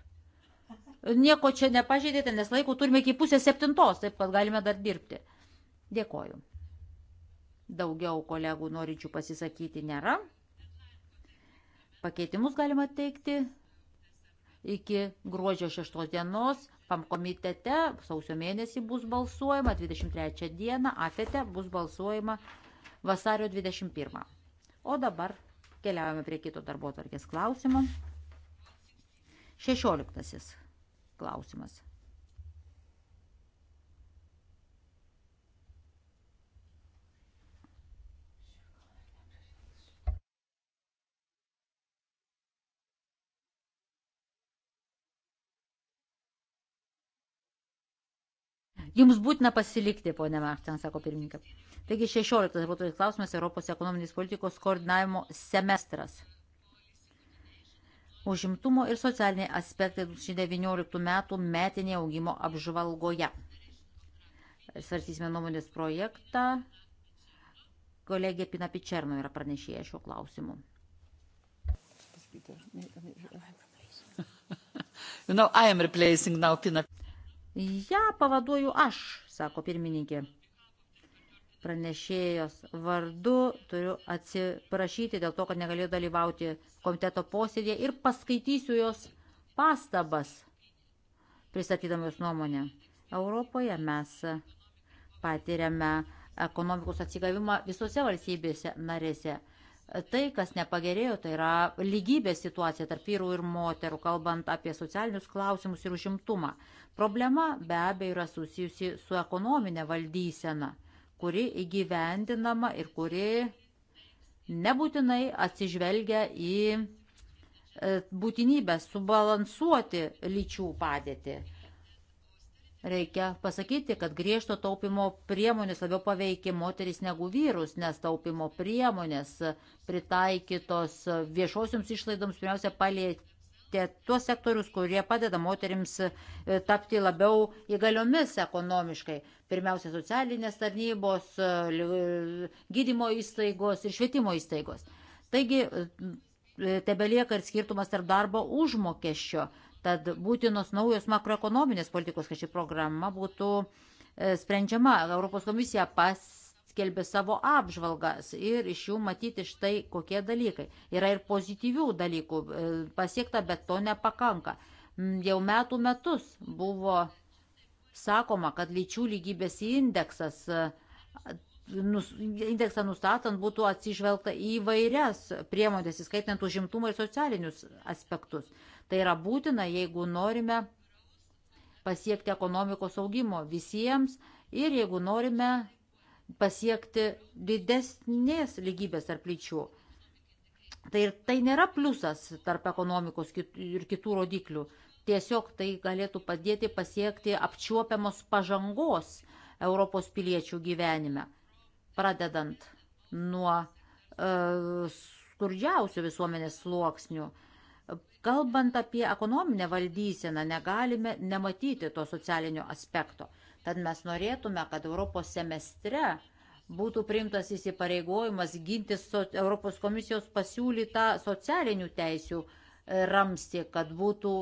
nieko čia nepažeidėte, nes laiko turime iki pusės septintos, taip kad galime dar dirbti. Dėkoju. Daugiau kolegų norinčių pasisakyti nėra. Pakeitimus galima teikti iki gruodžio 6 dienos. PAM komitete sausio mėnesį bus balsuojama, 23 dieną afete bus balsuojama vasario 21. O dabar keliaujame prie kito darbo tvarkės klausimo. 16. klausimas. Jums būtina pasilikti, ponė Martin, sako pirmininkė. Taigi 16 darbuotojų klausimas Europos ekonominės politikos koordinavimo semestras. Užimtumo ir socialiniai aspektai 2019 metų metinėje augimo apžvalgoje. Svarstysime nuomonės projektą. Kolegė Pina Pičerno yra pranešėja šiuo klausimu. You know, I am replacing now Pina. Ja pavaduoju aš, sako pirmininkė. Pranešėjos vardu turiu atsiprašyti dėl to, kad negalėjau dalyvauti komiteto posėdėje ir paskaitysiu jos pastabas, pristatydama jos nuomonę. Europoje mes patiriame ekonomikos atsigavimą visose valstybėse narėse. Tai, kas nepagerėjo, tai yra lygybės situacija tarp vyrų ir moterų, kalbant apie socialinius klausimus ir užimtumą. Problema be abejo yra susijusi su ekonominė valdysena, kuri įgyvendinama ir kuri nebūtinai atsižvelgia į e, būtinybę subalansuoti lyčių padėtį. Reikia pasakyti, kad griežto taupimo priemonės labiau paveikia moteris negu vyrus, nes taupimo priemonės pritaikytos viešosioms išlaidoms pirmiausia palėtė tuos sektorius, kurie padeda moterims e, tapti labiau įgaliomis ekonomiškai. Pirmiausia, socialinės tarnybos, e, gydymo įstaigos ir švietimo įstaigos. Taigi, e, tebelieka ir skirtumas tarp darbo užmokesčio. Tad būtinos naujos makroekonominės politikos, kad ši programa būtų e, sprendžiama. Europos komisija paskelbė savo apžvalgas ir iš jų matyti štai kokie dalykai. Yra ir pozityvių dalykų e, pasiekta, bet to nepakanka. Jau metų metus buvo sakoma, kad lyčių lygybės indeksas e, nus, indeksą nustatant būtų atsižvelgta į vairias priemonės, įskaitant užimtumą ir socialinius aspektus. Tai yra būtina, jeigu norime pasiekti ekonomikos augimo visiems ir jeigu norime pasiekti didesnės lygybės tarp lyčių. Tai, tai nėra pliusas tarp ekonomikos ir kitų rodiklių. Tiesiog tai galėtų padėti pasiekti apčiuopiamos pažangos Europos piliečių gyvenime. Pradedant nuo e, skurdžiausių visuomenės sluoksnių, Kalbant apie ekonominę valdyseną, negalime nematyti to socialinio aspekto. Tad mes norėtume, kad Europos semestre būtų priimtas įsipareigojimas ginti so, Europos komisijos pasiūlytą socialinių teisių e, ramsti, kad būtų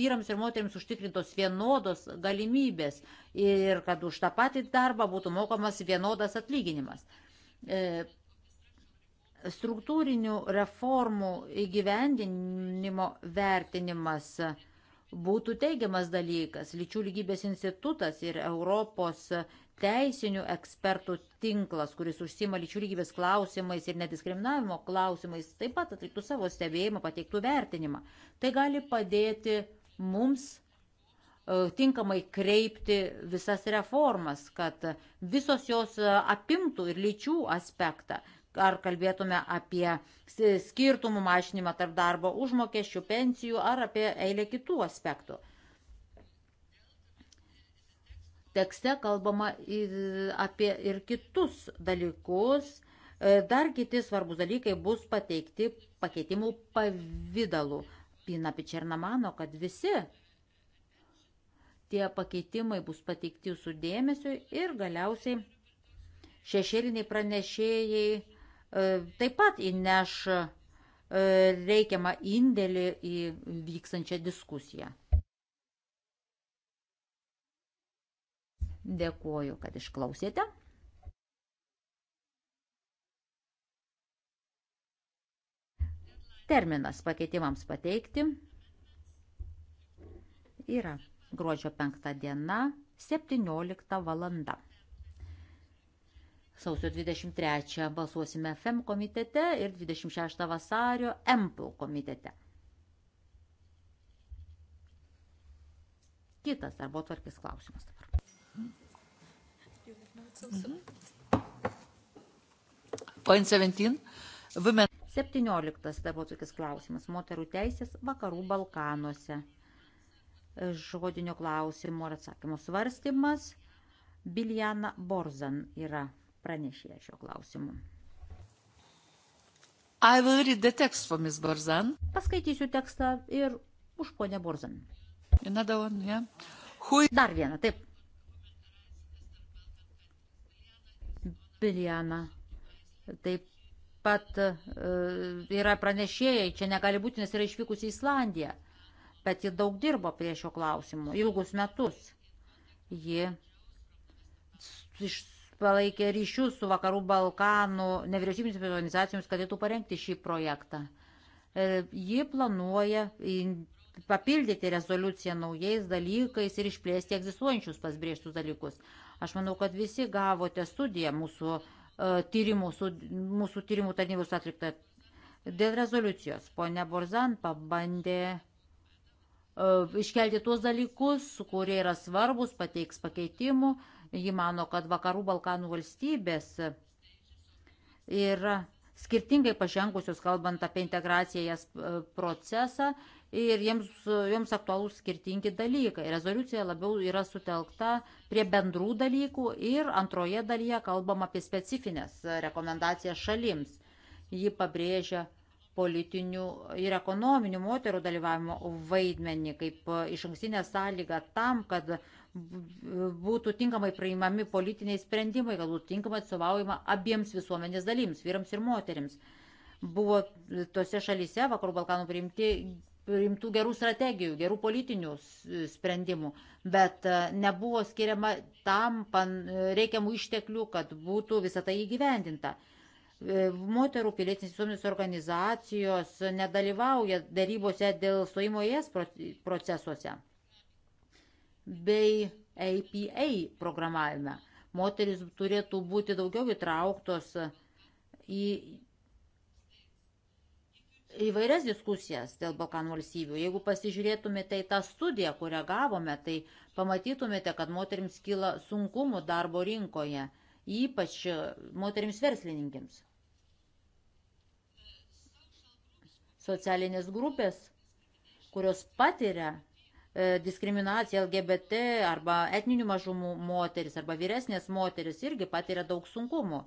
vyrams ir moteriams užtikrintos vienodos galimybės ir kad už tą patį darbą būtų mokamas vienodas atlyginimas. E, Struktūrinių reformų įgyvendinimo vertinimas būtų teigiamas dalykas. Lyčių lygybės institutas ir Europos teisinių ekspertų tinklas, kuris užsima lyčių lygybės klausimais ir nediskriminavimo klausimais, taip pat atliktų savo stebėjimą, pateiktų vertinimą. Tai gali padėti mums e, tinkamai kreipti visas reformas, kad visos jos e, apimtų ir lyčių aspektą ar kalbėtume apie skirtumų mažinimą tarp darbo užmokesčių, pensijų ar apie eilę kitų aspektų. Tekste kalbama ir apie ir kitus dalykus. E, dar kiti svarbus dalykai bus pateikti pakeitimų pavydalu. Pina Pičerna mano, kad visi tie pakeitimai bus pateikti jūsų dėmesiu ir galiausiai šešėliniai pranešėjai E, taip pat įneš e, reikiamą indėlį į vykstančią diskusiją. Dėkuoju, kad išklausėte. Terminas pakeitimams pateikti yra gruodžio 5 diena 17 valanda. Sausio 23 balsuosime FEM komitete ir 26 vasario e MPL komitete. Kitas darbo tvarkės klausimas dabar. Point 17. Women. 17 darbo tvarkės klausimas. Moterų teisės vakarų Balkanuose. Žodinio klausimo ir atsakymo svarstymas. Biljana Borzan yra pranešėja šio klausimu. I will read the text for Ms. Borzan. Paskaitysiu tekstą ir už ponę Borzan. Another one, yeah. Who... Dar vieną, taip. Biljana. Taip pat uh, yra pranešėjai, čia negali būti, nes yra išvykusi į Islandiją. Bet ji daug dirbo prie šio klausimo, ilgus metus. Ji iš palaikė ryšius su Vakarų Balkanų nevyriausybinėms organizacijoms, kad galėtų parengti šį projektą. E, ji planuoja papildyti rezoliuciją naujais dalykais ir išplėsti egzistuojančius pasbrėžtus dalykus. Aš manau, kad visi gavote studiją mūsų uh, tyrimų, su, mūsų tyrimų tarnybos atliktą dėl rezoliucijos. Pone Borzan pabandė uh, iškelti tuos dalykus, kurie yra svarbus, pateiks pakeitimų. Uh, Ji mano, kad vakarų Balkanų valstybės yra skirtingai pažengusios, kalbant apie integraciją jas e, procesą ir jiems, joms aktualūs skirtingi dalykai. Rezoliucija labiau yra sutelkta prie bendrų dalykų ir antroje dalyje kalbam apie specifines rekomendacijas šalims. Ji pabrėžia politinių ir ekonominių moterų dalyvavimo vaidmenį kaip e, iš ankstinę sąlygą tam, kad būtų tinkamai priimami politiniai sprendimai, kad būtų tinkamai atsovaujama abiems visuomenės dalims, vyrams ir moterims. Buvo tose šalyse, vakarų Balkanų, priimti, priimtų gerų strategijų, gerų politinių sprendimų, bet e, nebuvo skiriama tam pan, e, reikiamų išteklių, kad būtų visą tai įgyvendinta. E, moterų pilietinės visuomenės organizacijos nedalyvauja darybose dėl stojimo į es procesuose bei APA programavime. Moteris turėtų būti daugiau įtrauktos į įvairias diskusijas dėl Balkanų valstybių. Jeigu pasižiūrėtumėte į tą studiją, kurią gavome, tai pamatytumėte, kad moterims kyla sunkumų darbo rinkoje, ypač moterims verslininkėms. Socialinės grupės, kurios patiria E, diskriminacija LGBT arba etninių mažumų moteris arba vyresnės moteris irgi patiria daug sunkumų. E,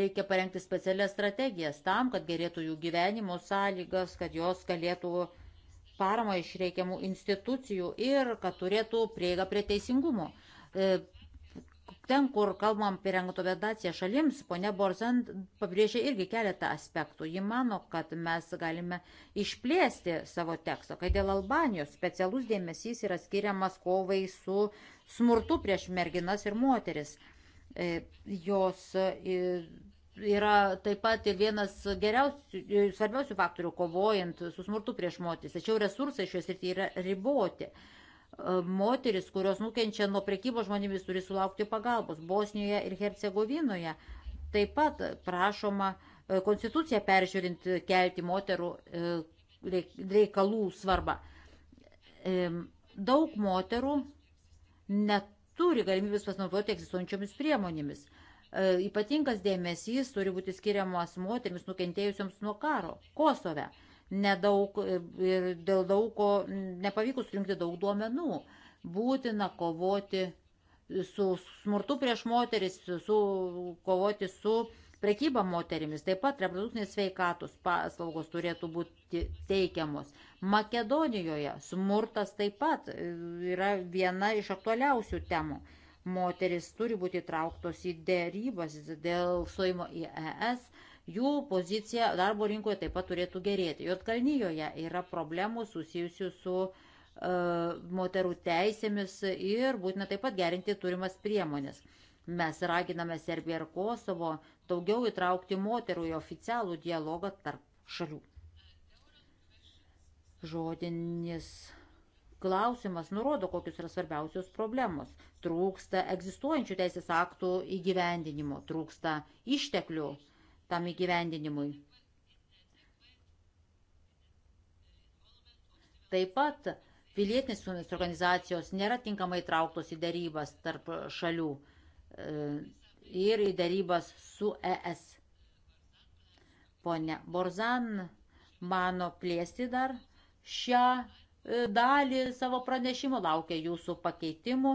reikia parengti specialias strategijas tam, kad gerėtų jų gyvenimo sąlygas, kad jos galėtų paramą iš reikiamų institucijų ir kad turėtų prieigą prie teisingumo e, Ten, kur kalbam apie rekomendaciją šalims, ponia Borzan pabrėžė irgi keletą aspektų. Ji mano, kad mes galime išplėsti savo tekstą, kad dėl Albanijos specialus dėmesys yra skiriamas kovai su smurtu prieš merginas ir moteris. E, jos e, yra taip pat ir vienas geriausių, e, svarbiausių faktorių kovojant su smurtu prieš moteris, tačiau resursai šios ir tai yra riboti. E, moteris, kurios nukenčia nuo prekybos žmonėmis, turi sulaukti pagalbos. Bosnijoje ir Hercegovinoje taip pat prašoma e, konstituciją peržiūrint kelti moterų e, reikalų svarbą. Daug moterų neturi galimybės pasinaudoti egzistuojančiomis priemonėmis. Ypatingas dėmesys turi būti skiriamas moteriams nukentėjusiams nuo karo Kosove nedaug ir dėl daug ko nepavykus rinkti daug duomenų. Būtina kovoti su smurtu prieš moteris, su, kovoti su prekyba moterimis. Taip pat reprodukcinės sveikatos paslaugos turėtų būti teikiamos. Makedonijoje smurtas taip pat yra viena iš aktualiausių temų moteris turi būti trauktos į dėrybas dėl stojimo į ES, jų pozicija darbo rinkoje taip pat turėtų gerėti. Jotkalnyjoje yra problemų susijusių su uh, moterų teisėmis ir būtina taip pat gerinti turimas priemonės. Mes raginame Serbiją ir Kosovo daugiau įtraukti moterų į oficialų dialogą tarp šalių. Žodinis klausimas nurodo, kokius yra svarbiausios problemos. Trūksta egzistuojančių teisės aktų įgyvendinimo, trūksta išteklių tam įgyvendinimui. Taip pat pilietinės visuomenės organizacijos nėra tinkamai trauktos į darybas tarp šalių e, ir į darybas su ES. Pone Borzan mano plėsti dar šią e, dalį savo pranešimo, laukia jūsų pakeitimų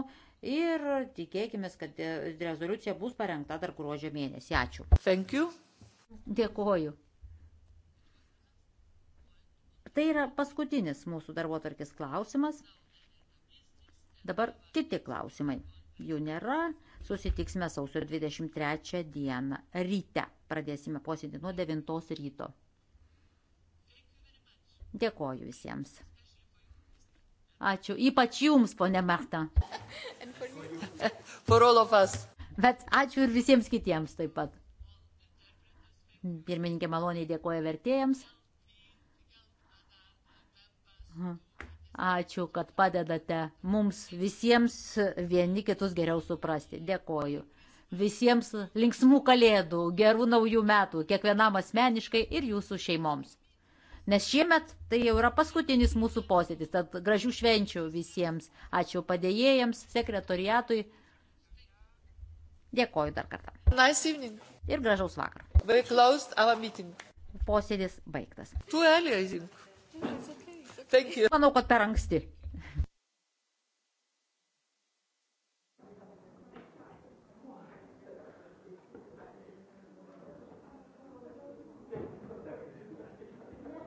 ir tikėkime, kad e, rezoliucija bus parengta dar gruodžio mėnesį. Ačiū. Thank you. Dėkoju. Tai yra paskutinis mūsų darbo tarkis klausimas. Dabar kiti klausimai. Jų nėra. Susitiksime sausio 23 dieną ryte. Pradėsime posėdį nuo 9 ryto. Dėkoju visiems. Ačiū. Ypač jums, ponė Marta. For all of us. Bet ačiū ir visiems kitiems taip pat. Pirmininkė maloniai dėkoja vertėjams. Ačiū, kad padedate mums visiems vieni kitus geriau suprasti. Dėkoju. Visiems linksmų kalėdų, gerų naujų metų, kiekvienam asmeniškai ir jūsų šeimoms. Nes šiemet tai jau yra paskutinis mūsų posėdis, tad gražių švenčių visiems. Ačiū padėjėjams, sekretoriatui. Dėkoju dar kartą. Nice evening ir gražaus vakaro. Posėdis baigtas. Manau, kad per anksti.